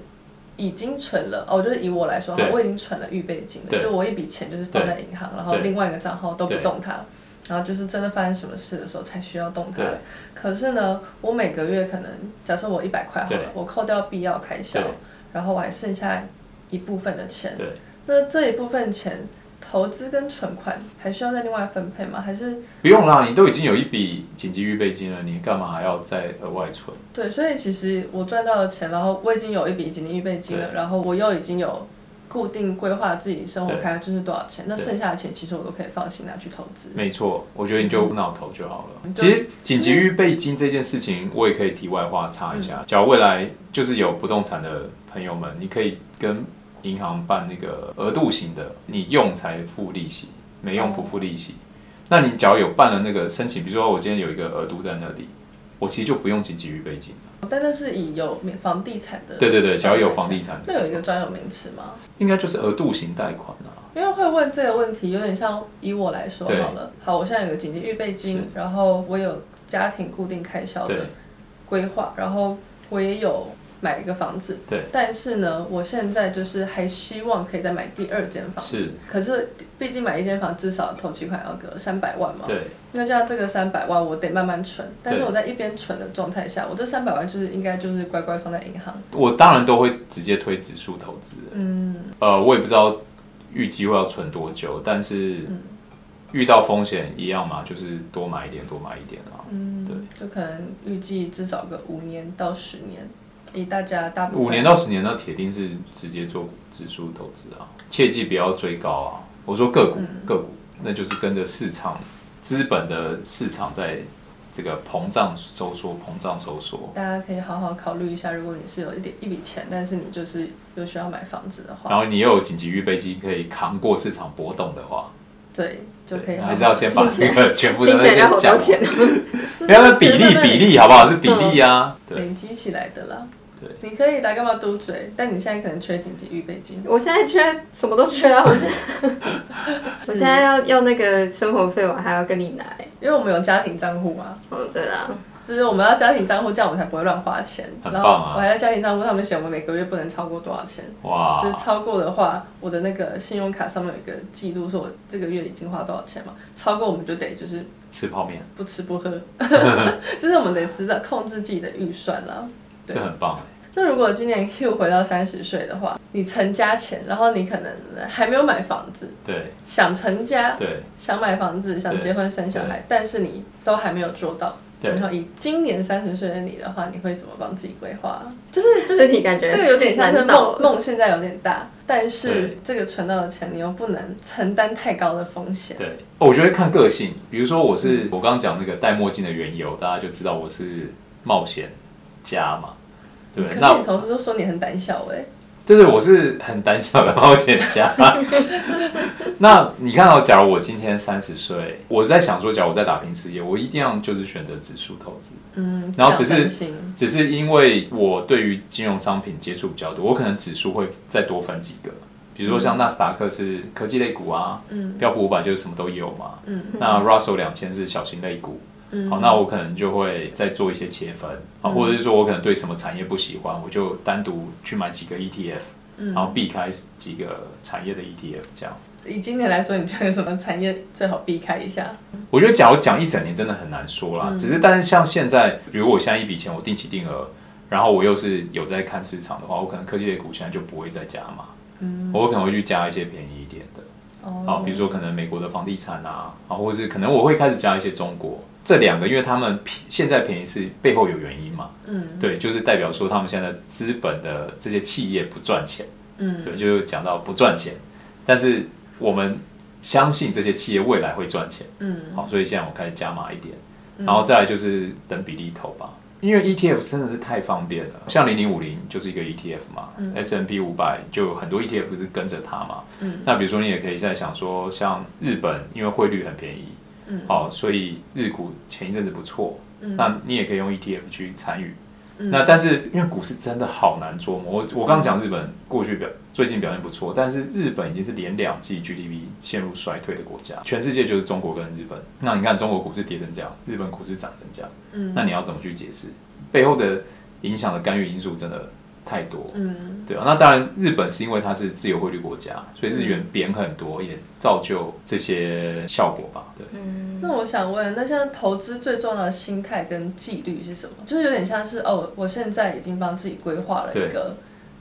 已經存了哦，就是以我來說，哈，我已經存了預備金了，了，就我一筆錢就是放在銀行，然後另外一個賬號都不動它，然後就是真的發生什麼事的時候才需要動它。可是呢，我每個月可能假設我一百塊好了，我扣掉必要開銷，然後我還剩下一部分的錢，那這一部分錢。投資跟存款還需要再另外分配嗎？還是不用啦，你都已經有一筆緊急預備金了，你幹嘛還要再額外存？對，所以其實我賺到的錢，然後我已經有一筆緊急預備金了，然後我又已經有固定規劃自己生活開支就是多少錢，那剩下的錢其實我都可以放心拿去投資。沒錯，我覺得你就無腦投就好了。嗯、其實緊急預備金這件事情，我也可以題外話插一下、嗯，假如未來就是有不動產的朋友們，你可以跟。銀行辦那個額度型的，你用才付利息，沒用不付利息。哦、那你只要有辦了那個申請，比如說我今天有一個額度在那裡，我其實就不用緊急預備金了。但這是以有房地產的。對對對，只要有房地產的。那有一個專有名詞嗎？應該就是額度型貸款啊。因為會問這個問題，有點像以我來說好了。好，我現在有個緊急預備金，然後我有家庭固定開銷的規劃，然後我也有。買一個房子，對，但是呢，我現在就是還希望可以再買第二間房子，是。可是畢竟買一間房至少頭期款要個三百萬嘛，對。那就要這個三百萬，我得慢慢存。但是我在一邊存的狀態下，我這三百萬就是應該就是乖乖放在銀行。我當然都會直接推指數投資、欸，嗯，呃，我也不知道預計會要存多久，但是遇到風險一樣嘛，就是多買一點，多買一點啊，嗯，對，就可能預計至少個五年到十年。五年到十年，那鐵定是直接做指數投資啊！切記不要追高啊！我說個股，嗯、個股，那就是跟着市場資本的市場，在這個膨脹收縮、膨脹收縮。大家可以好好考慮一下，如果你是有一點一筆錢，但是你就是又需要買房子的話，然後你又有緊急預備金可以扛過市場波動的話，對，就可以還，還是要先把、這個、全部的那些講。不要 [LAUGHS] 比例對對比例好不好？是比例啊，累積起來的啦。你可以的，幹嘛嘟嘴？但你現在可能缺緊急預備金。我現在缺什麼都缺啊！我現在， [LAUGHS] 我現在要要那個生活費，我還要跟你拿，因為我們有家庭賬戶嘛。哦，對啦，就是我們要家庭賬戶，這樣我們才不會亂花錢。很棒啊！然後我還在家庭賬戶上面寫，我們每個月不能超過多少錢。哇、嗯！就是超過的話，我的那個信用卡上面有一個記錄，說我這個月已經花多少錢嘛，超過我們就得就是吃泡麵，不吃不喝。 [LAUGHS] 就是我們得知道控制自己的預算啦。這 [LAUGHS] 很棒。那如果今年 Hugh 回到三十歲的話，你成家前，然後你可能還沒有買房子，對，想成家，對，想買房子，想結婚生小孩，但是你都還沒有做到，對。然後以今年三十歲的你的話，你會怎麼幫自己規劃？就是就身體感覺這個有點像是夢夢，現在有點大，但是這個存到的錢你又不能承擔太高的風險，對。我覺得看個性，比如說我是、嗯、我剛剛講那個戴墨鏡的緣由，大家就知道我是冒險家嘛。對，你可那你同事都說你很膽小哎、欸，對、就、對、是、我是很膽小的冒險家。 [LAUGHS] [LAUGHS] 那你看，假如我今天三十歲，我在想說，假如我在打拼事業，我一定要就是選擇指數投資。嗯，然後只是只是因為我對於金融商品接觸比較多，我可能指數會再多分幾個，比如說像納斯達克是科技類股啊，嗯，標普五百就是什麼都有嘛，嗯，嗯那 Russell 兩千是小型類股。嗯、好，那我可能就會再做一些切分啊，或者是說我可能對什麼產業不喜歡，嗯、我就單獨去買幾個 ETF，、嗯、然後避開幾個產業的 ETF，這樣。以今年來說，你覺得有什麼產業最好避開一下？我覺得，假如講一整年，真的很難說啦。嗯、只是，但是像現在，如果我現在一筆錢，我定期定額，然後我又是有在看市場的話，我可能科技類股現在就不會再加嘛。嗯，我可能會去加一些便宜一點的，哦、比如說可能美國的房地產啊，啊，或者是可能我會開始加一些中國。這兩個，因為他們便現在便宜是背後有原因嘛，嗯，對，就是代表說他們現在資本的這些企業不賺錢，嗯，對，就講到不賺錢，但是我們相信這些企業未來會賺錢，嗯，好，所以現在我開始加碼一點，嗯、然後再來就是等比例投吧，因為 ETF 真的是太方便了，像零零五零就是一個 ETF 嘛、嗯、，S&P 五百就很多 ETF 是跟着它嘛，嗯，那比如說你也可以再想說，像日本因為匯率很便宜。好、嗯哦，所以日股前一陣子不錯，嗯，那你也可以用 ETF 去參與，嗯。那但是因為股市真的好難琢磨，我我剛剛講日本過去表最近表現不錯，但是日本已經是連兩季 GDP 陷入衰退的國家，全世界就是中國跟日本。那你看中國股市跌成這樣，日本股市漲成這樣，那你要怎麼去解釋？背後的影響的干預因素真的太多，嗯，對啊，那當然，日本是因為它是自由匯率國家，所以日元貶很多，嗯、也造就這些效果吧，對、嗯。那我想問，那像投資最重要的心態跟紀律是什麼？就是有點像是哦，我現在已經幫自己規劃了一個，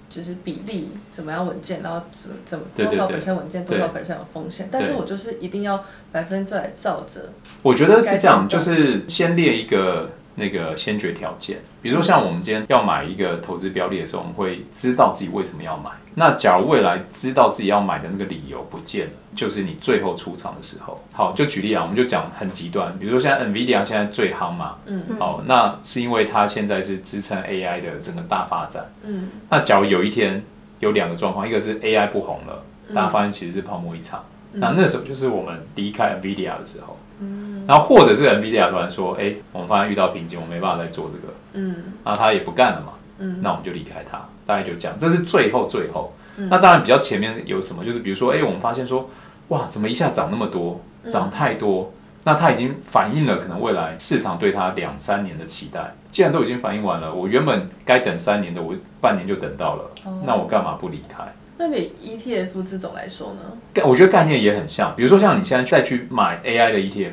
就是比例怎麼樣穩健，然後怎麼怎麼多少本身穩健，多少本身有風險，但是我就是一定要百分之百照着。我覺得是這樣，是就是先列一個。那個先決條件，比如說像我們今天要買一個投資標的的時候，我們會知道自己為什麼要買。那假如未來知道自己要買的那個理由不見了，就是你最後出場的時候。好，就舉例啊，我們就講很極端，比如說現在 NVIDIA 現在最夯嘛，嗯嗯，好，那是因為它現在是支撐 AI 的整個大發展，嗯，那假如有一天有兩個狀況，一個是 AI 不紅了，大家發現其實是泡沫一場，那那時候就是我們離開 NVIDIA 的時候。然後或者是 NVIDIA 突然說：“哎，我們發現遇到瓶頸，我沒辦法再做這個。”嗯，那、啊、他也不幹了嘛。嗯，那我們就離開他。大概就講，這是最後最後、嗯。那當然比較前面有什麼，就是比如說，哎，我們發現說，哇，怎麼一下漲那麼多，漲太多、嗯？那他已經反映了可能未來市場對他兩三年的期待。既然都已經反映完了，我原本該等三年的，我半年就等到了，哦、那我幹嘛不離開？那你 ETF 這種來說呢？我覺得概念也很像，比如說像你現在再去買 AI 的 ETF。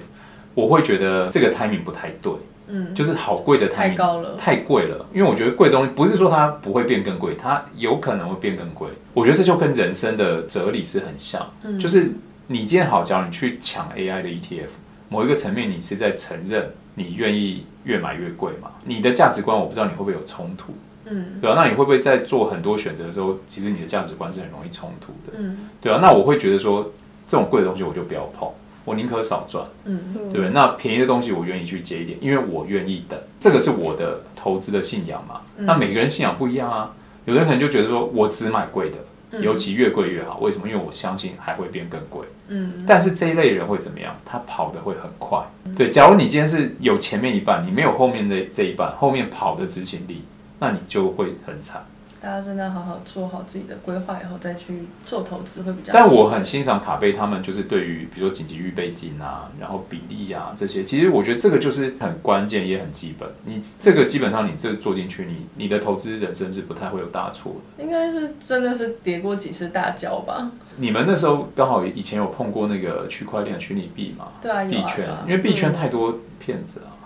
我會覺得這個 timing 不太對，嗯，就是好貴的 timing，太高了，太貴了。因為我覺得貴的東西不是說它不會變更貴，它有可能會變更貴。我覺得這就跟人生的哲理是很像，嗯，就是你今天好，你去搶 AI 的 ETF，某一個層面你是在承認你願意越買越貴嘛？你的價值觀我不知道你會不會有衝突，嗯，對啊，那你會不會在做很多選擇的時候，其實你的價值觀是很容易衝突的，嗯，對啊，那我會覺得說這種貴的東西我就不要碰。我寧可少賺，嗯，對不對？那便宜的東西我願意去接一點，因為我願意等，這個是我的投資的信仰嘛。那每個人信仰不一樣啊，有的人可能就覺得說我只買貴的，尤其越貴越好，為什麼？因為我相信還會變更貴，嗯。但是這一類人會怎麼樣？他跑得會很快，對。假如你今天是有前面一半，你沒有後面這這一半，後面跑的執行力，那你就會很慘。大家真的好好做好自己的規劃，以後再去做投資會比較。但我很欣賞卡貝他們，就是對於比如說緊急預備金啊，然後比例啊這些，其實我覺得這個就是很關鍵，也很基本。你這個基本上你這做進去，你你的投資人生是不太會有大錯的。應該是真的是跌過幾次大跤吧。你們那時候剛好以前有碰過那個區塊鏈的虛擬幣嘛？對啊，幣圈、啊啊啊，因為幣圈太多騙子啊。嗯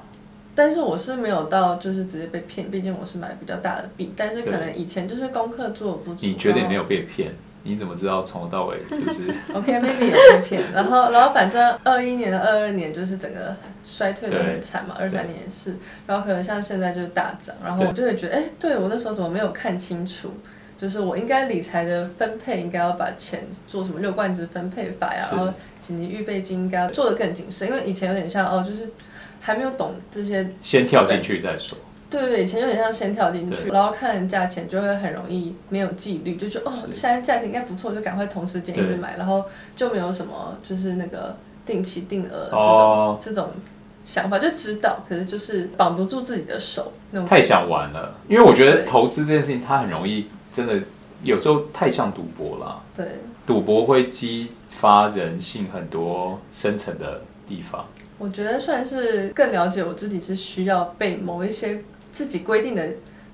但是我是沒有到，就是直接被騙，畢竟我是買比較大的幣。但是可能以前就是功課做不足，對。你覺得你沒有被騙？你怎麼知道從頭到尾是不是？OK，maybe 有被騙。 [LAUGHS] okay, maybe you [LAUGHS] 然後，然後反正二一年、二二年就是整個衰退得很慘嘛，二三年是。然後可能像現在就是大漲，然後我就會覺得，哎、欸，對我那時候怎麼沒有看清楚？就是我應該理財的分配，應該要把錢做什麼六罐子分配法呀、啊？然後緊急預備金應該做得更謹慎，因為以前有點像哦，就是。還沒有懂這些，先跳進去再說。對對對，以前有點像先跳進去，然後看價錢，就會很容易沒有紀律，就覺得哦，現在價錢應該不錯，就趕快同時間一直買，然後就沒有什麼就是那個定期定額這種、哦、這種想法，就知道，可是就是綁不住自己的手，那種太想玩了。因為我覺得投資這件事情，它很容易，真的有時候太像賭博了。對，賭博會激發人性很多深層的。我覺得算是更了解我自己是需要被某一些自己規定的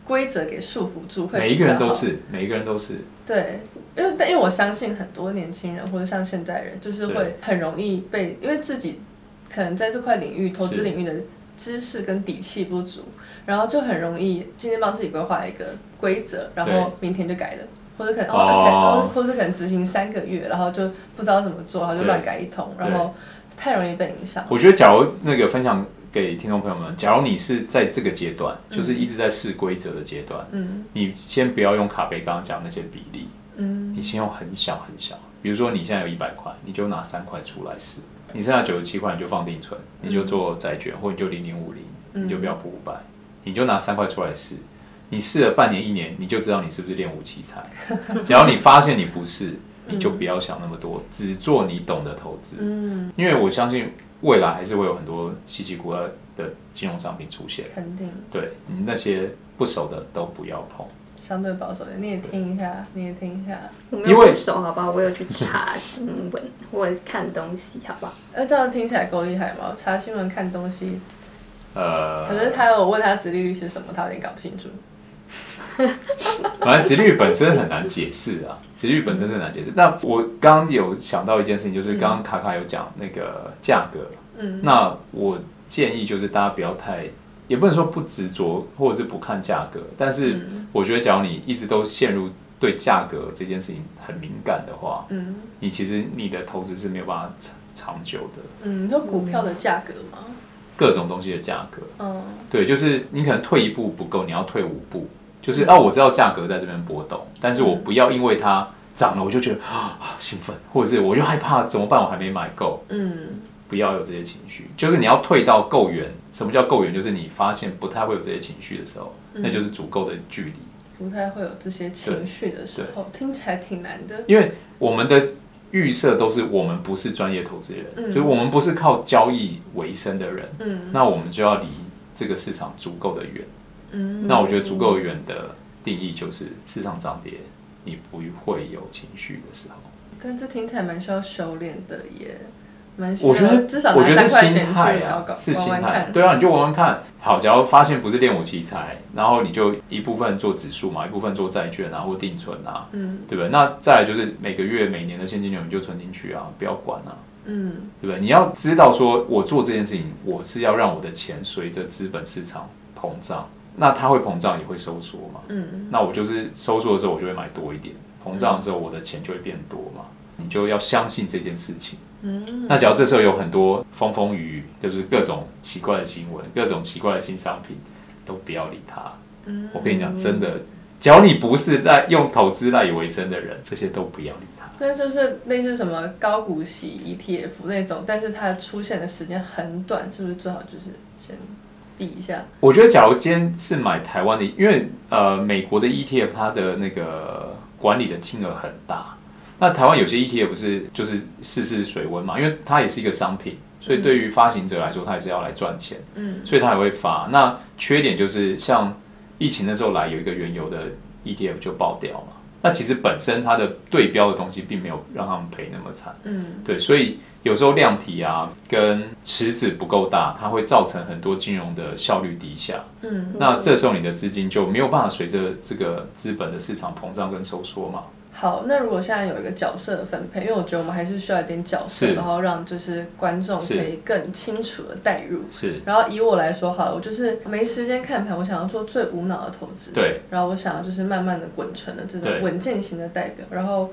規則給束縛住會。每一個人都是，每一個人都是。對，因為但因為我相信很多年輕人或者，像現在人，就是會很容易被因為自己可能在這塊領域，投資領域的知識跟底氣不足，然後就很容易今天幫自己規劃一個規則，然後明天就改了，或者可能哦，Oh. Okay, 或者可能執行三個月，然後就不知道怎麼做，然後就亂改一通，然後。太容易被影響。我覺得，假如那個分享給聽眾朋友們，假如你是在這個階段，就是一直在試規則的階段，嗯，你先不要用卡貝剛剛講那些比例，嗯，你先用很小很小，比如說你現在有一百塊，你就拿三塊出來試，你剩下九十七塊你就放定存，嗯，你就做債券，或者就零零五零，你就，0050，你就不要補五百，你就拿三塊出來試，你試了半年一年，你就知道你是不是練武奇才。只要你發現你不是。 [LAUGHS] 你就不要想那麼多，嗯、只做你懂的投資。嗯，因為我相信未來還是會有很多稀奇古怪的金融商品出現。肯定對、嗯，那些不熟的都不要碰。相對保守的，你也聽一下，你也聽一下。一下，因為我沒有不熟，好不好？我有去查新聞，或者 [LAUGHS] 看東西，好不好？呃、啊，這樣聽起來夠厲害嗎？查新聞、看東西，呃，可是他有問他殖利率是什麼，他有點搞不清楚。反正殖利率本身很難解釋啊，殖利率本身是很難解釋。那我剛剛有想到一件事情，就是剛剛卡卡有講那個價格，嗯，那我建議就是大家不要太，也不能說不執着，或者是不看價格，但是我覺得，假如你一直都陷入對價格這件事情很敏感的話，嗯，你其實你的投資是沒有辦法長久的。嗯，你說股票的價格嗎？各種東西的價格，嗯，對，就是你可能退一步不夠，你要退五步。就是啊、哦，我知道價格在這邊波動，但是我不要因為它漲了，我就覺得啊興奮，或者是我就害怕怎麼辦？我還沒買夠，嗯，不要有這些情緒。就是你要退到夠遠。什麼叫夠遠？就是你發現不太會有這些情緒的時候、嗯，那就是足夠的距離。不太會有這些情緒的時候，聽起來挺難的。因為我們的預設都是我們不是專業投資人，嗯、就是我們不是靠交易為生的人。嗯，那我們就要離這個市場足夠的遠。嗯，那我覺得足夠遠的定義就是市場漲跌、嗯，你不會有情緒的時候。但這聽起來蠻需要修煉的耶，蠻……我覺得至少搞搞搞我覺得是心態啊玩玩，是心態、啊。對啊，你就玩玩看，嗯、好，假如發現不是練武奇才，然後你就一部分做指數嘛，一部分做債券啊，或定存啊，嗯，對不對？那再來就是每個月、每年的現金流你就存進去啊，不要管啊，嗯，對不對？你要知道說，我做這件事情，我是要讓我的錢隨着資本市場膨脹。那它會膨脹，也會收縮嘛。嗯，那我就是收縮的時候，我就會買多一點；膨脹的時候，我的錢就會變多嘛、嗯。你就要相信這件事情。嗯。那只要這時候有很多風風雨雨，就是各種奇怪的新聞、各種奇怪的新商品，都不要理它。嗯。我跟你講，真的，只要你不是在用投資賴以為生的人，這些都不要理它。所以、嗯、就是類似什麼高股息 ETF 那種，但是它出現的時間很短，是不是最好就是先。比一下，我覺得假如今天是買台灣的，因為呃，美國的 ETF 它的那個管理的金額很大，那台灣有些 ETF 是就是試試水溫嘛，因為它也是一個商品，所以對於發行者來說，它也是要來賺錢，嗯，所以它還會發。那缺點就是像疫情的時候來有一個原油的 ETF 就爆掉嘛。那其實本身它的對標的東西並沒有讓他們賠那麼慘，嗯，對，所以有時候量體啊跟池子不夠大，它會造成很多金融的效率低下，嗯，那這時候你的資金就沒有辦法隨着這個資本的市場膨脹跟收縮嘛。好，那如果現在有一個角色的分配，因為我覺得我們還是需要一點角色，然後讓就是觀眾可以更清楚的代入。是。然後以我來說，好了，我就是沒時間看盤，我想要做最無腦的投資。對。然後我想要就是慢慢的滾存的這種穩健型的代表。對。然後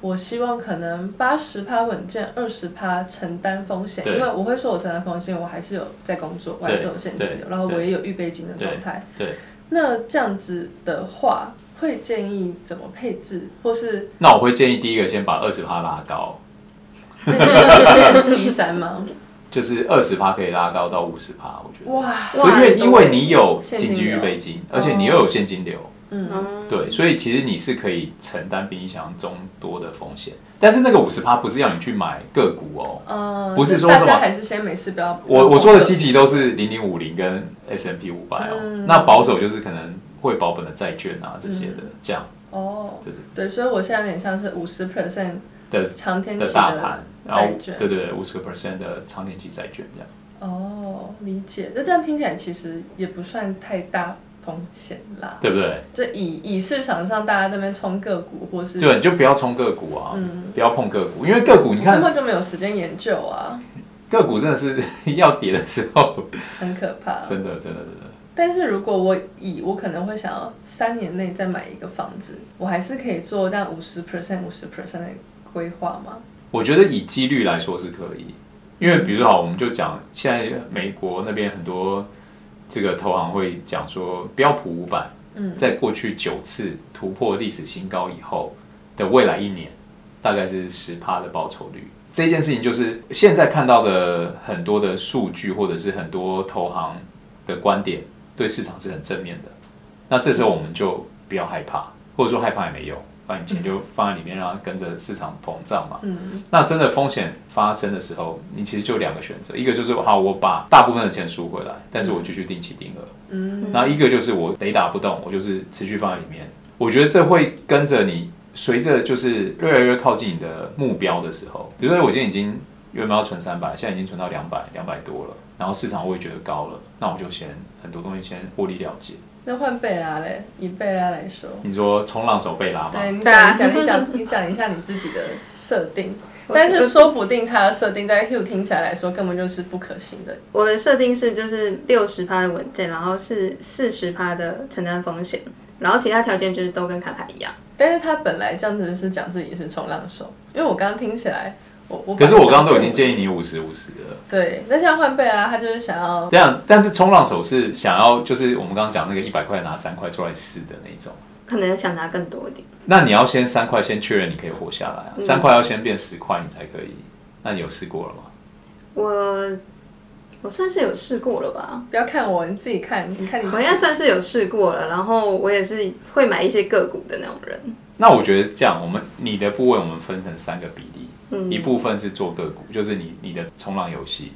我希望可能八十趴穩健，二十趴承擔風險。對。因為我會說，我承擔風險，我還是有在工作，我還是有現金流，然後我也有預備金的狀態。對對。對。那這樣子的話。會建議怎麼配置，或是？那我會建議第一個先把二十趴拉高 [LAUGHS] 。三嗎？ [LAUGHS] 就是二十趴可以拉高到五十趴，我覺得哇，因為因為你有緊急預備金、金，而且你又有現金流、哦，嗯，對，所以其實你是可以承擔比你想象中多的風險。但是那個五十趴不是讓你去買個股哦，嗯、不是說什麼、嗯就是、大家還是先沒事不要。我我說的積極都是零零五零跟 S&P 五百哦、嗯，那保守就是可能。會保本的債券啊，這些的、嗯、這樣哦，對對，所以我現在有點像是五十 percent 的長天期的大盤債券，嗯、對對、嗯、對五十個 percent 的長天期債券這樣。哦，理解。那這樣聽起來其實也不算太大風險啦，對不對？就以以市場上大家那邊衝個股，或是對，你就不要衝個股啊、嗯，不要碰個股，因為個股你看根本就沒有時間研究啊。個股真的是要跌的時候很可怕，真的真的真的。真的真的但是如果我以我可能會想要三年內再買一個房子，我還是可以做但 50%, 50，但五十 percent 五十 percent 的規劃嗎？我覺得以幾率來說是可以，因為比如說好，我們就講現在美國那邊很多這個投行會講說標普五百，在過去九次突破歷史新高以後的未來一年，大概是十趴的報酬率。這件事情就是現在看到的很多的數據，或者是很多投行的觀點。對市場是很正面的，那這時候我們就不要害怕，或者說害怕也沒用，把你錢就放在裡面，讓它跟着市場膨脹嘛、嗯。那真的風險發生的時候，你其實就兩個選擇，一個就是好，我把大部分的錢贖回來，但是我繼續定期定額。然、嗯、那一個就是我雷打不動，我就是持續放在裡面。我覺得這會跟着你，隨着就是越來越靠近你的目標的時候，比如說我今天已經。因為我們要存三百，現在已經存到兩百，兩百多了。然後市場我也覺得高了，那我就先很多東西先獲利了結。那換貝拉嘞，以貝拉來說，你說衝浪手貝拉嗎？對你講、啊、你講你講一下你自己的設定， [LAUGHS] 但是說不定他的設定在 Hugh 聽起來來說根本就是不可行的。我的設定是就是六十趴的穩健，然後是四十趴的承擔風險，然後其他條件就是都跟卡卡一樣。但是他本來這樣子是講自己是衝浪手，因為我剛剛聽起來。可是我剛剛都已經建議你五十五十了。對，那像換貝啊，他就是想要這樣。但是衝浪手是想要，就是我們剛剛講那個一百塊拿三塊出來試的那種，可能想拿更多一點。那你要先三塊先確認你可以活下來啊，三、嗯、塊要先變十塊你才可以。那你有試過了嗎？我我算是有試過了吧。不要看我，你自己看，你看你。我應該算是有試過了，然後我也是會買一些個股的那種人。 [LAUGHS] 那我覺得這樣，我們你的部位我們分成三個比例。嗯，一部分是做個股，就是你你的衝浪遊戲。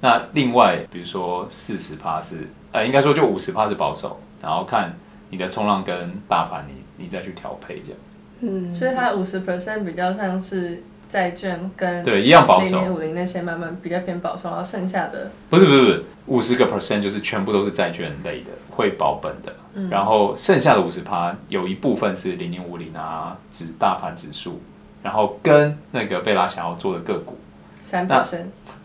那另外，比如說四十趴是，呃，應該說就五十趴是保守，然後看你的衝浪跟大盤，你你再去調配這樣子。嗯，所以它五十 percent 比較像是債券跟對一樣保守，零零五零那些慢慢比較偏保守，然後剩下的不是不是不是五十個 percent 就是全部都是債券類的，會保本的。嗯，然後剩下的五十趴有一部分是零零五零啊，指大盤指數。然後跟那個貝拉想要做的個股，三趴，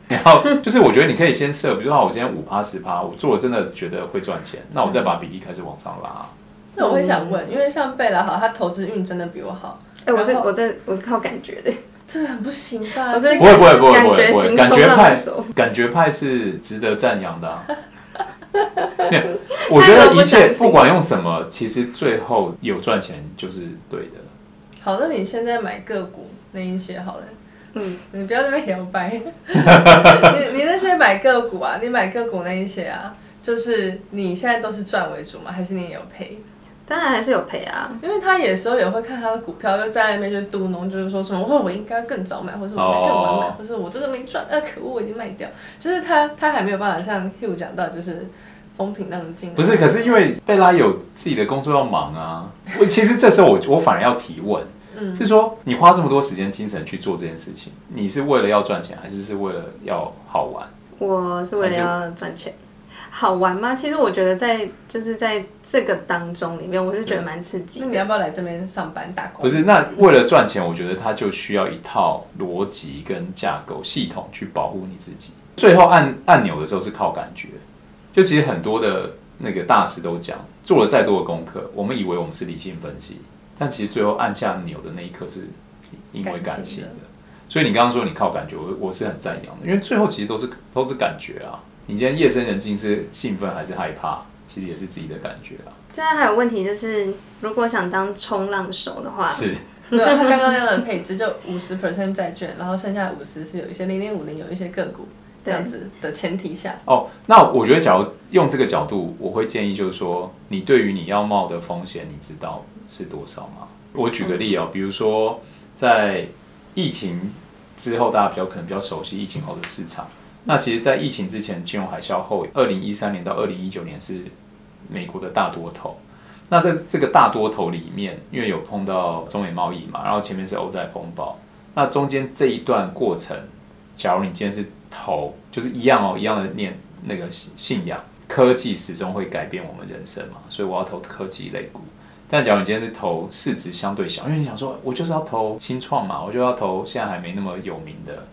然後就是我覺得你可以先設，比如說我今天五趴十趴，我做了真的覺得會賺錢，那我再把比例開始往上拉。嗯、那我會想問，因為像貝拉好，他投資運真的比我好，哎、嗯，我是我是我是靠感覺的，這很不行吧？我不會不會不會不會，感覺派感覺派，感覺派是值得讚揚的、啊 [LAUGHS] 。我覺得一切不管用什麼，其實最後有賺錢就是對的。好，那你現在買個股那一些好了，嗯，你不要那邊搖擺。 [LAUGHS] 你你那些買個股啊，你買個股那一些啊，就是你現在都是賺為主嗎？還是你也有賠？當然還是有賠啊，因為他有時候也會看他的股票，又在那邊就嘟囔，就是說什麼，哦，我應該更早買，或者我應該更晚買，哦哦哦或者我這個沒賺，呃、啊，可惡，我已經賣掉。就是他他還沒有辦法像 Hugh 講到，就是風平浪靜。不是，可是因為貝拉有自己的工作要忙啊。我其實這時候我我反而要提問。 [LAUGHS] 嗯、是說，你花這麼多時間、精神去做這件事情，你是為了要賺錢，還是是為了要好玩？我是為了要賺錢，好玩嗎？其實我覺得在，在就是在這個當中裡面，我是覺得蠻刺激、嗯。那你要不要來這邊上班打工？不是，那為了賺錢，我覺得它就需要一套邏輯跟架構系統去保護你自己。最後按按鈕的時候是靠感覺，就其實很多的那個大師都講，做了再多的功課，我們以為我們是理性分析。但其實最後按下鈕的那一刻是因為感性的，所以你剛剛說你靠感覺，我我是很讚揚的，因為最後其實都是都是感覺啊。你今天夜深人靜是興奮還是害怕，其實也是自己的感覺啊。現在還有問題就是，如果想當衝浪手的話，是，剛 [LAUGHS] 剛那樣的配置就50，就五十 percent 債券，然後剩下五十是有一些0050有一些個股這樣子的前提下。哦，oh, 那我覺得，假如用這個角度，我會建議就是說，你對於你要冒的風險，你知道。是多少嗎？我舉個例啊、哦，比如說在疫情之後，大家比較可能比較熟悉疫情後的市場。那其實，在疫情之前，金融海嘯後，二零一三年到二零一九年是美國的大多頭。那在這個大多頭裡面，因為有碰到中美貿易嘛，然後前面是歐債風暴，那中間這一段過程，假如你今天是投，就是一樣哦，一樣的念那個信仰，科技始終會改變我們人生嘛，所以我要投科技類股。但假如你今天是投市值相對小，因為你想說，我就是要投新創嘛，我就要投現在還沒那麼有名的。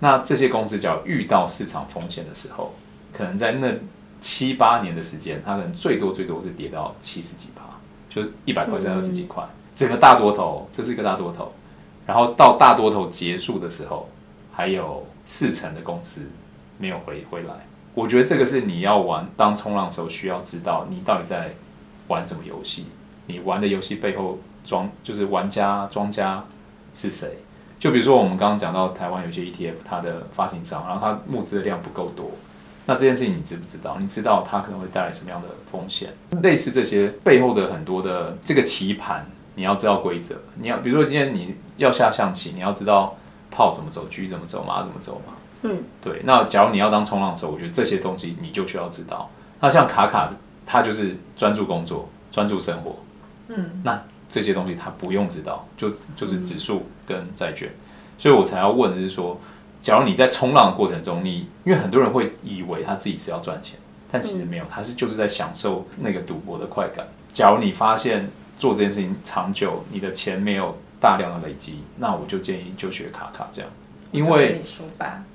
那這些公司，只要遇到市場風險的時候，可能在那七八年的時間，它可能最多最多是跌到七十幾趴，就是一百塊錢二十幾塊。嗯嗯，整個大多頭，這是一個大多頭。然後到大多頭結束的時候，還有四成的公司沒有回回來。我覺得這個是你要玩當衝浪的時候需要知道，你到底在玩什麼遊戲。你玩的遊戲背後莊，就是玩家莊家是誰？就比如說我們剛剛講到台灣有些 ETF，它的發行商，然後它募資的量不夠多，那這件事情你知不知道？你知道它可能會帶來什麼樣的風險？類似這些背後的很多的這個棋盤，你要知道規則。你要比如說今天你要下象棋，你要知道炮怎麼走，車怎麼走，馬怎麼走嘛？嗯，對。那假如你要當沖浪手，我覺得這些東西你就需要知道。那像卡卡，他就是專注工作，專注生活。嗯，那這些東西他不用知道，就就是指數跟債券，所以我才要問的是說，假如你在衝浪的過程中，你因為很多人會以為他自己是要賺錢，但其實沒有，他是就是在享受那個賭博的快感、嗯。假如你發現做這件事情長久，你的錢沒有大量的累積，那我就建議就學卡卡這樣，因為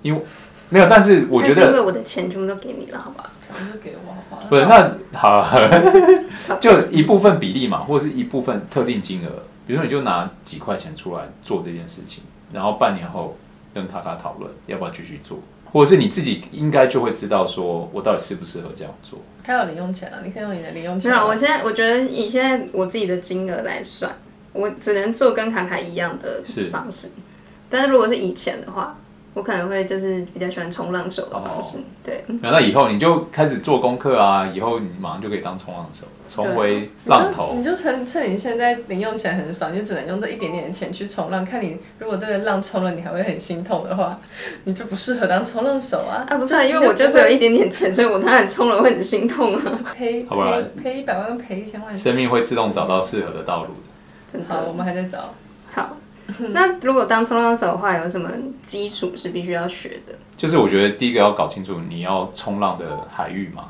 因為。沒有，但是我覺得，因為我的錢全部都給你了，好吧？全部都給我，好吧？不是，那好，就一部分比例嘛，或者是一部分特定金額。比如說，你就拿幾塊錢出來做這件事情，然後半年後跟卡卡討論要不要繼續做，或者是你自己應該就會知道說，我到底適不適合這樣做。他有零用錢了啊，你可以用你的零用錢啊。沒有，我現在我覺得以現在我自己的金額來算，我只能做跟卡卡一樣的方式。是。但是如果是以前的話。我可能會就是比較喜歡衝浪手的方式，哦，對。那以後你就開始做功課啊，以後你馬上就可以當衝浪手，衝回浪頭。你，你就趁趁你現在零用錢很少，你就只能用這一點點的錢去衝浪。看你如果這個浪衝了，你還會很心痛的話，你就不適合當衝浪手啊！啊，不是，因為，因為我就只有一點點錢，所以我當然衝了會很心痛啊。賠 [LAUGHS] 不然，好吧，賠一百萬賠一千萬，生命會自動找到適合的道路真的，好，我們還在找，好。那如果當衝浪手的話，有什麼基礎是必須要學的？就是我覺得第一個要搞清楚你要衝浪的海域嘛，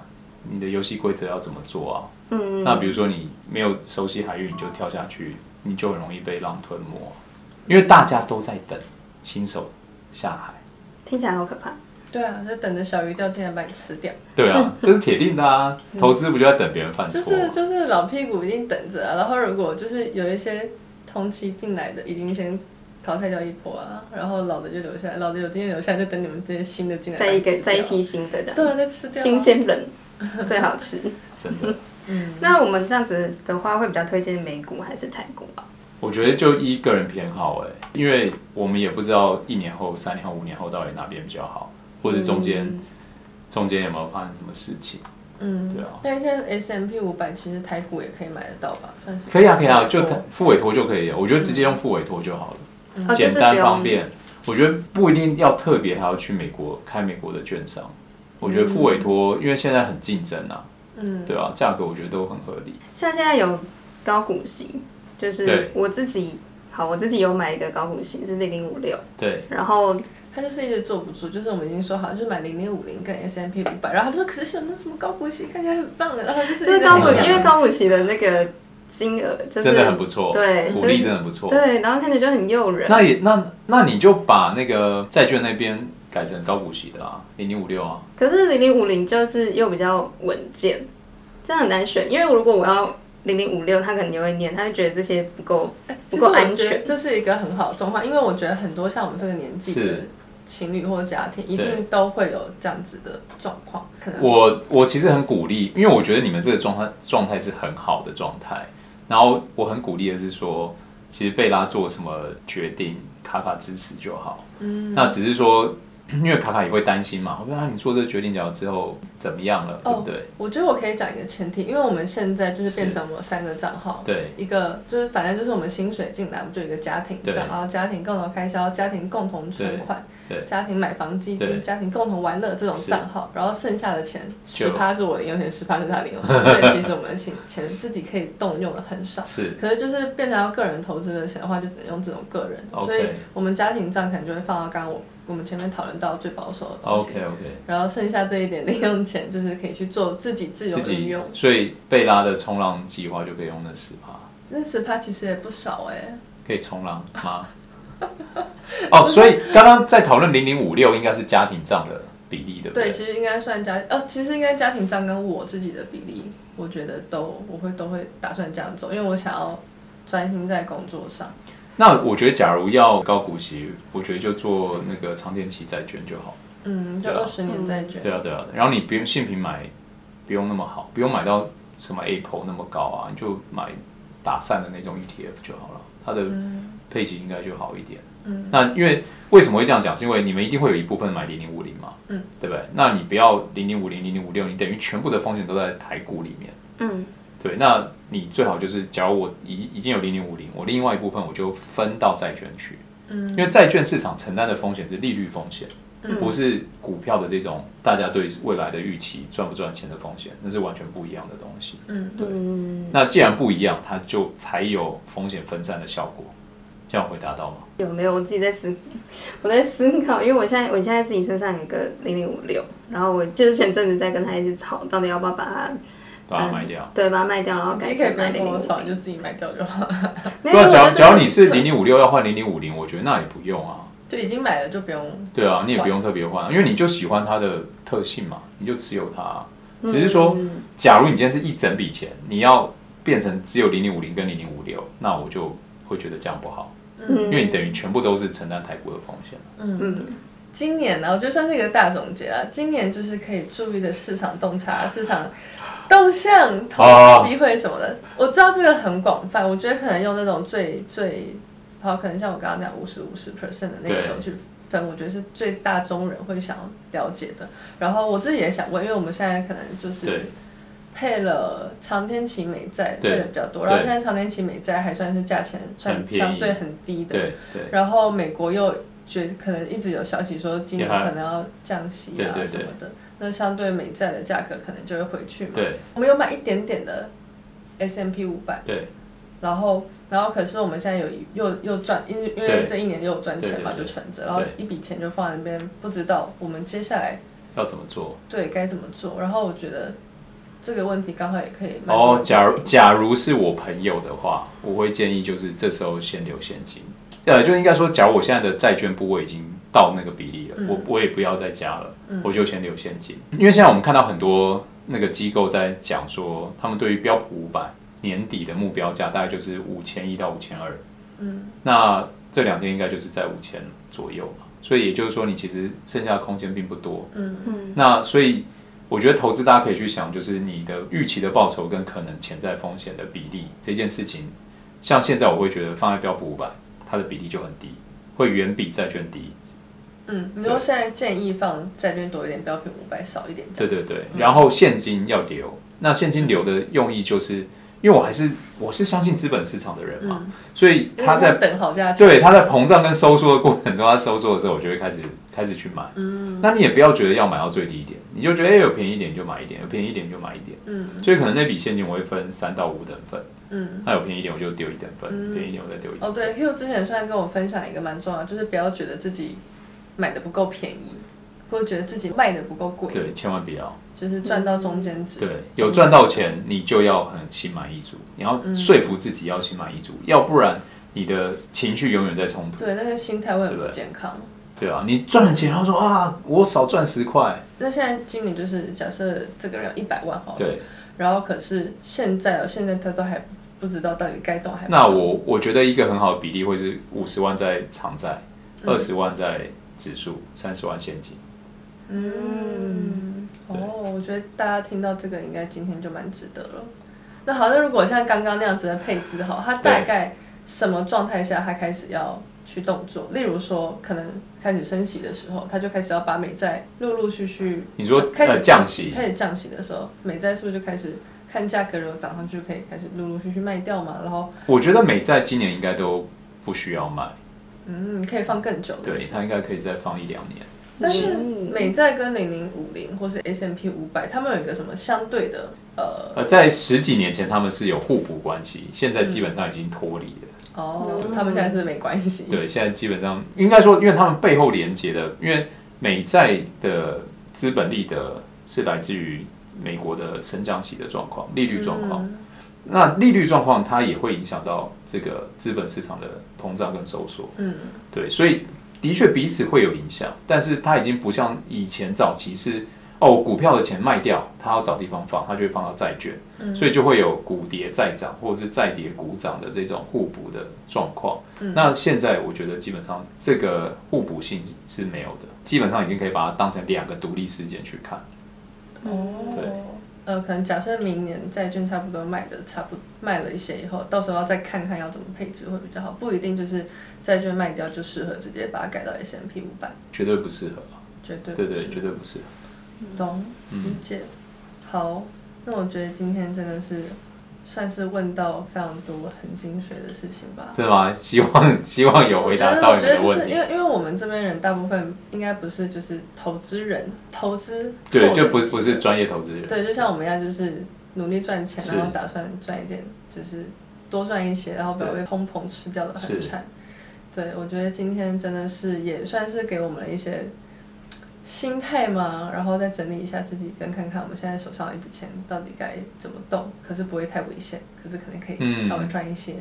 你的遊戲規則要怎麼做啊？嗯，那比如說你沒有熟悉海域，你就跳下去，你就很容易被浪吞沒，因為大家都在等新手下海。聽起來好可怕。對啊，就等着小魚掉天來把你吃掉。對啊，這是鐵定的啊， [LAUGHS] 投資不就要等別人犯錯？就是就是老屁股一定等著啊，然後如果就是有一些。同期進來的已經先淘汰掉一波了、啊，然後老的就留下來，老的有今天留下，就等你們這些新的進來，來再一個，再一批新的這樣。對，再吃掉、啊。新鮮人最好吃。 [LAUGHS] 真的、 [LAUGHS] 嗯。那我們這樣子的話，會比較推薦美股還是台股啊？我覺得就依個人偏好哎、欸，因為我們也不知道一年後、三年後、五年後到底哪邊比較好，或者中間、嗯、中間有沒有發生什麼事情。嗯，對啊，但現在 S&P 500其實台股也可以買得到吧？算是可以啊，可以啊，託就複委託就可以了、嗯。我覺得直接用複委託就好了、嗯，簡單方便、嗯。我覺得不一定要特別還要去美國開美國的券商。嗯、我覺得複委託、嗯，因為現在很競爭啊，嗯，對啊，價格我覺得都很合理。像現在有高股息，就是我自己。好，我自己有買一個高股息是零零五六，對，然後他就是一直坐不住，就是我們已經說好，就買零零五零跟 S&P 五百，然後他就說可是那什麼高股息看起來很棒的，然後就是，一是高股、嗯、因為高股息的那個金額就是真的很不錯，對，股利真的很不錯、就是，對，然後看起來就很誘人。那也那那你就把那個債券那邊改成高股息的啊，零零五六啊。可是零零五零就是又比較穩健，真的很難選，因為如果我要。零零五六，他可能又會念，他就覺得這些不夠，不夠安全。這是一個很好的狀況，因為我覺得很多像我們這個年紀的情侶或者家庭，一定都會有這樣子的狀況。可能我我其實很鼓勵，因為我覺得你們這個狀態狀態是很好的狀態。然後我很鼓勵的是說，其實貝拉做什麼決定，卡卡支持就好。嗯，那只是說。因為卡卡也會擔心嘛，我不知道你做這個決定之後之後怎麼樣了，哦、oh，對？我覺得我可以講一個前提，因為我們現在就是變成我們有三個賬號，對，一個就是反正就是我們薪水進來，我們就有一個家庭賬，然後家庭共同開銷、家庭共同存款、對對、家庭買房基金、家庭共同玩樂這種賬號，然後剩下的錢十趴是我的零用錢，十趴是他的零用錢，所以其實我們錢錢自己可以動用的很少，是， [LAUGHS] 可是就是變成要個人投資的錢的話，就只能用這種個人，okay. 所以我們家庭賬可能就會放到剛剛我。我們前面討論到最保守的東西，OK OK，然後剩下這一點零用錢就是可以去做自己自由運用。所以貝拉的衝浪計劃就可以用那十趴，那十趴其實也不少哎、欸。可以衝浪嗎？ [LAUGHS] [LAUGHS] [LAUGHS] 哦，所以剛剛在討論零零五六，應該是家庭賬的比例對不對？對，其實應該算家哦，其實應該家庭賬跟我自己的比例，我覺得都我會都會打算這樣走，因為我想要專心在工作上。那我覺得，假如要高股息，我覺得就做那個長天期債券就好。嗯，就二十年債券，啊。對啊，對啊。然後你不用信評買，不用那麼好，不用買到什麼 Apple 那麼高啊，你就買打散的那種 ETF 就好了，它的配息應該就好一點。嗯。那因為為什麼會這樣講？是因為你們一定會有一部分買零零五零嘛。嗯。對不對？那你不要零零五零零零五六，你等於全部的風險都在台股裡面。嗯。對，那。你最好就是，假如我已已經有零零五零，我另外一部分我就分到債券去，嗯，因為債券市場承擔的風險是利率風險，嗯，不是股票的這種大家對未來的預期賺不賺錢的風險，那是完全不一樣的東西，嗯，對，嗯，那既然不一樣，它就才有風險分散的效果，這樣回答到嗎？有沒有？我自己在思，我在思考，因為我現在我現在在自己身上有一個零零五六，然後我就是前陣子在跟他一直吵，到底要不要把它。把它、啊嗯、賣掉，對，把它賣掉，然後改可以買零零五六，你就自己買掉就好了。不過，只要你是零零五六要換零零五零，我覺得那也不用啊。就已經買了就不用。對啊，你也不用特別換、啊，因為你就喜歡它的特性嘛，你就持有它、啊。只是說，假如你今天是一整筆錢，你要變成只有零零五零跟零零五六，那我就會覺得這樣不好，因為你等於全部都是承擔台股的風險，嗯嗯。對今年呢、啊，我覺得算是一個大總結了、啊。今年就是可以注意的市場洞察、市場動向、投資機、機會什麼的。Oh. 我知道這個很廣泛，我覺得可能用那種最最，好，可能像我剛剛講五十五十 percent 的那種去分，我覺得是最大眾人會想了解的。然後我自己也想過，因為我們現在可能就是配了長天期美債，配的比較多。然後現在長天期美債還算是價錢算相對很低的。對。對對，然後美國又。覺，可能一直有消息說，今天可能要降息啊，對對對，什麼的，那相對美債的價格可能就會回去嘛。對，我們有買一點點的 S&P 500。對。然後，然後可是我們現在有又又賺，因因為這一年又有賺錢嘛，對對對對，就存着，然後一筆錢就放在那邊，不知道我們接下來要怎麼做？對，該怎麼做？然後我覺得這個問題剛好也可以買。哦，假如假如是我朋友的話，我會建議就是這時候先留現金。呃，就應該說，假如我現在的債券部位已經到那個比例了，嗯、我我也不要再加了，我就先留現金。因為現在我們看到很多那個機構在講說，他們對於標普五百年底的目標價大概就是五千一到五千二，嗯，那這兩天應該就是在五千左右嘛，所以也就是說，你其實剩下的空間並不多，嗯嗯。那所以我覺得投資大家可以去想，就是你的預期的報酬跟可能潛在風險的比例這件事情，像現在我會覺得放在標普五百。它的比例就很低，會遠比債券低。嗯，你說現在建議放債券多一點標品，標普五百少一點。對對對，嗯，然後現金要留。那現金流的用意就是，因為我還是我是相信資本市場的人嘛，嗯、所以他在他等好價錢。對，他在膨脹跟收縮的過程中，他收縮的時候，我就會開始開始去買。嗯，那你也不要覺得要買到最低點，你就覺得哎有便宜一點你就買一點，有便宜一點你就買一點。嗯，所以可能那筆現金我會分三到五等份。嗯，那、啊、有便宜一點我就丟一點分，嗯、便宜一點我再丟。一點哦，對，Hugh 之前雖然跟我分享一個蠻重要的，就是不要覺得自己買的不夠便宜，或者覺得自己賣的不夠貴，對，千萬不要，就是賺到中間值、嗯。對，有賺到錢，你就要很心滿意足，你要說服自己要心滿意足、嗯，要不然你的情緒永遠在衝突。對，那個心態會很不健康。對，對啊，你賺了錢，然後說啊，我少賺十塊。那現在經理就是假設這個人有一百萬好對，然後可是現在哦、喔，現在他都還。不知道到底該動還不動。那我我覺得一個很好的比例會是五十萬在長債，嗯，二十萬在指數，三十萬現金。嗯，哦，我覺得大家聽到這個應該今天就蠻值得了。那好，那如果像剛剛那樣子的配置，哈，它大概什麼狀態下它開始要去動作？例如說，可能開始升息的時候，它就開始要把美債陸陸續續。你說開始降息，呃，降息，開始降息的時候，美債是不是就開始？看價格然後漲上去，可以開始陸陸續續賣掉嘛。然後我覺得美債今年應該都不需要賣，嗯，可以放更久是不是。對，它應該可以再放一兩年。但是美債跟零零五零或是 S&P 500，他們有一個什麼相對的呃呃，在十幾年前他們是有互補關係，現在基本上已經脫離了。嗯、哦，他們現在是沒關係。對，現在基本上應該說，因為他們背後連接的，因為美債的資本利得是來自於。美國的升降息的狀況、利率狀況，嗯，那利率狀況它也會影響到這個資本市場的膨脹跟收縮。嗯，對，所以的確彼此會有影響，但是它已經不像以前早期是哦，股票的錢賣掉，它要找地方放，它就會放到債券、嗯，所以就會有股跌債漲，或者是債跌股漲的這種互補的狀況、嗯。那現在我覺得基本上這個互補性是沒有的，基本上已經可以把它當成兩個獨立事件去看。哦，對，呃，可能假設明年債券差不多賣的差不賣了一些以後，到時候要再看看要怎麼配置會比較好，不一定就是債券賣掉就適合直接把它改到 S&P 500，絕對不適合，絕對不適合，對，對對，絕對不適合，懂，嗯，理解，好，那我覺得今天真的是。算是問到非常多很精髓的事情吧，對嗎？希望希望有回答到你的問題。我覺，我覺得就是因為因為我們這邊人大部分應該不是就是投資人投資，投對就不不是專業投資人。對，就像我們一樣，就是努力賺錢，然後打算賺一點，就是多賺一些，然後不要被通膨吃掉的很慘對。對，我覺得今天真的是也算是給我們了一些，心態嘛，然後再整理一下自己，跟看看我們現在手上有一筆錢到底該怎麼動，可是不會太危險，可是可能可以稍微賺一些，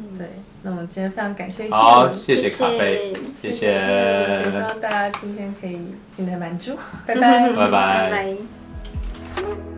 嗯。對，那麼今天非常感謝，好，謝謝咖啡，謝謝，謝謝謝謝謝謝。希望大家今天可以聽得滿足，嗯，拜拜，拜拜。拜拜。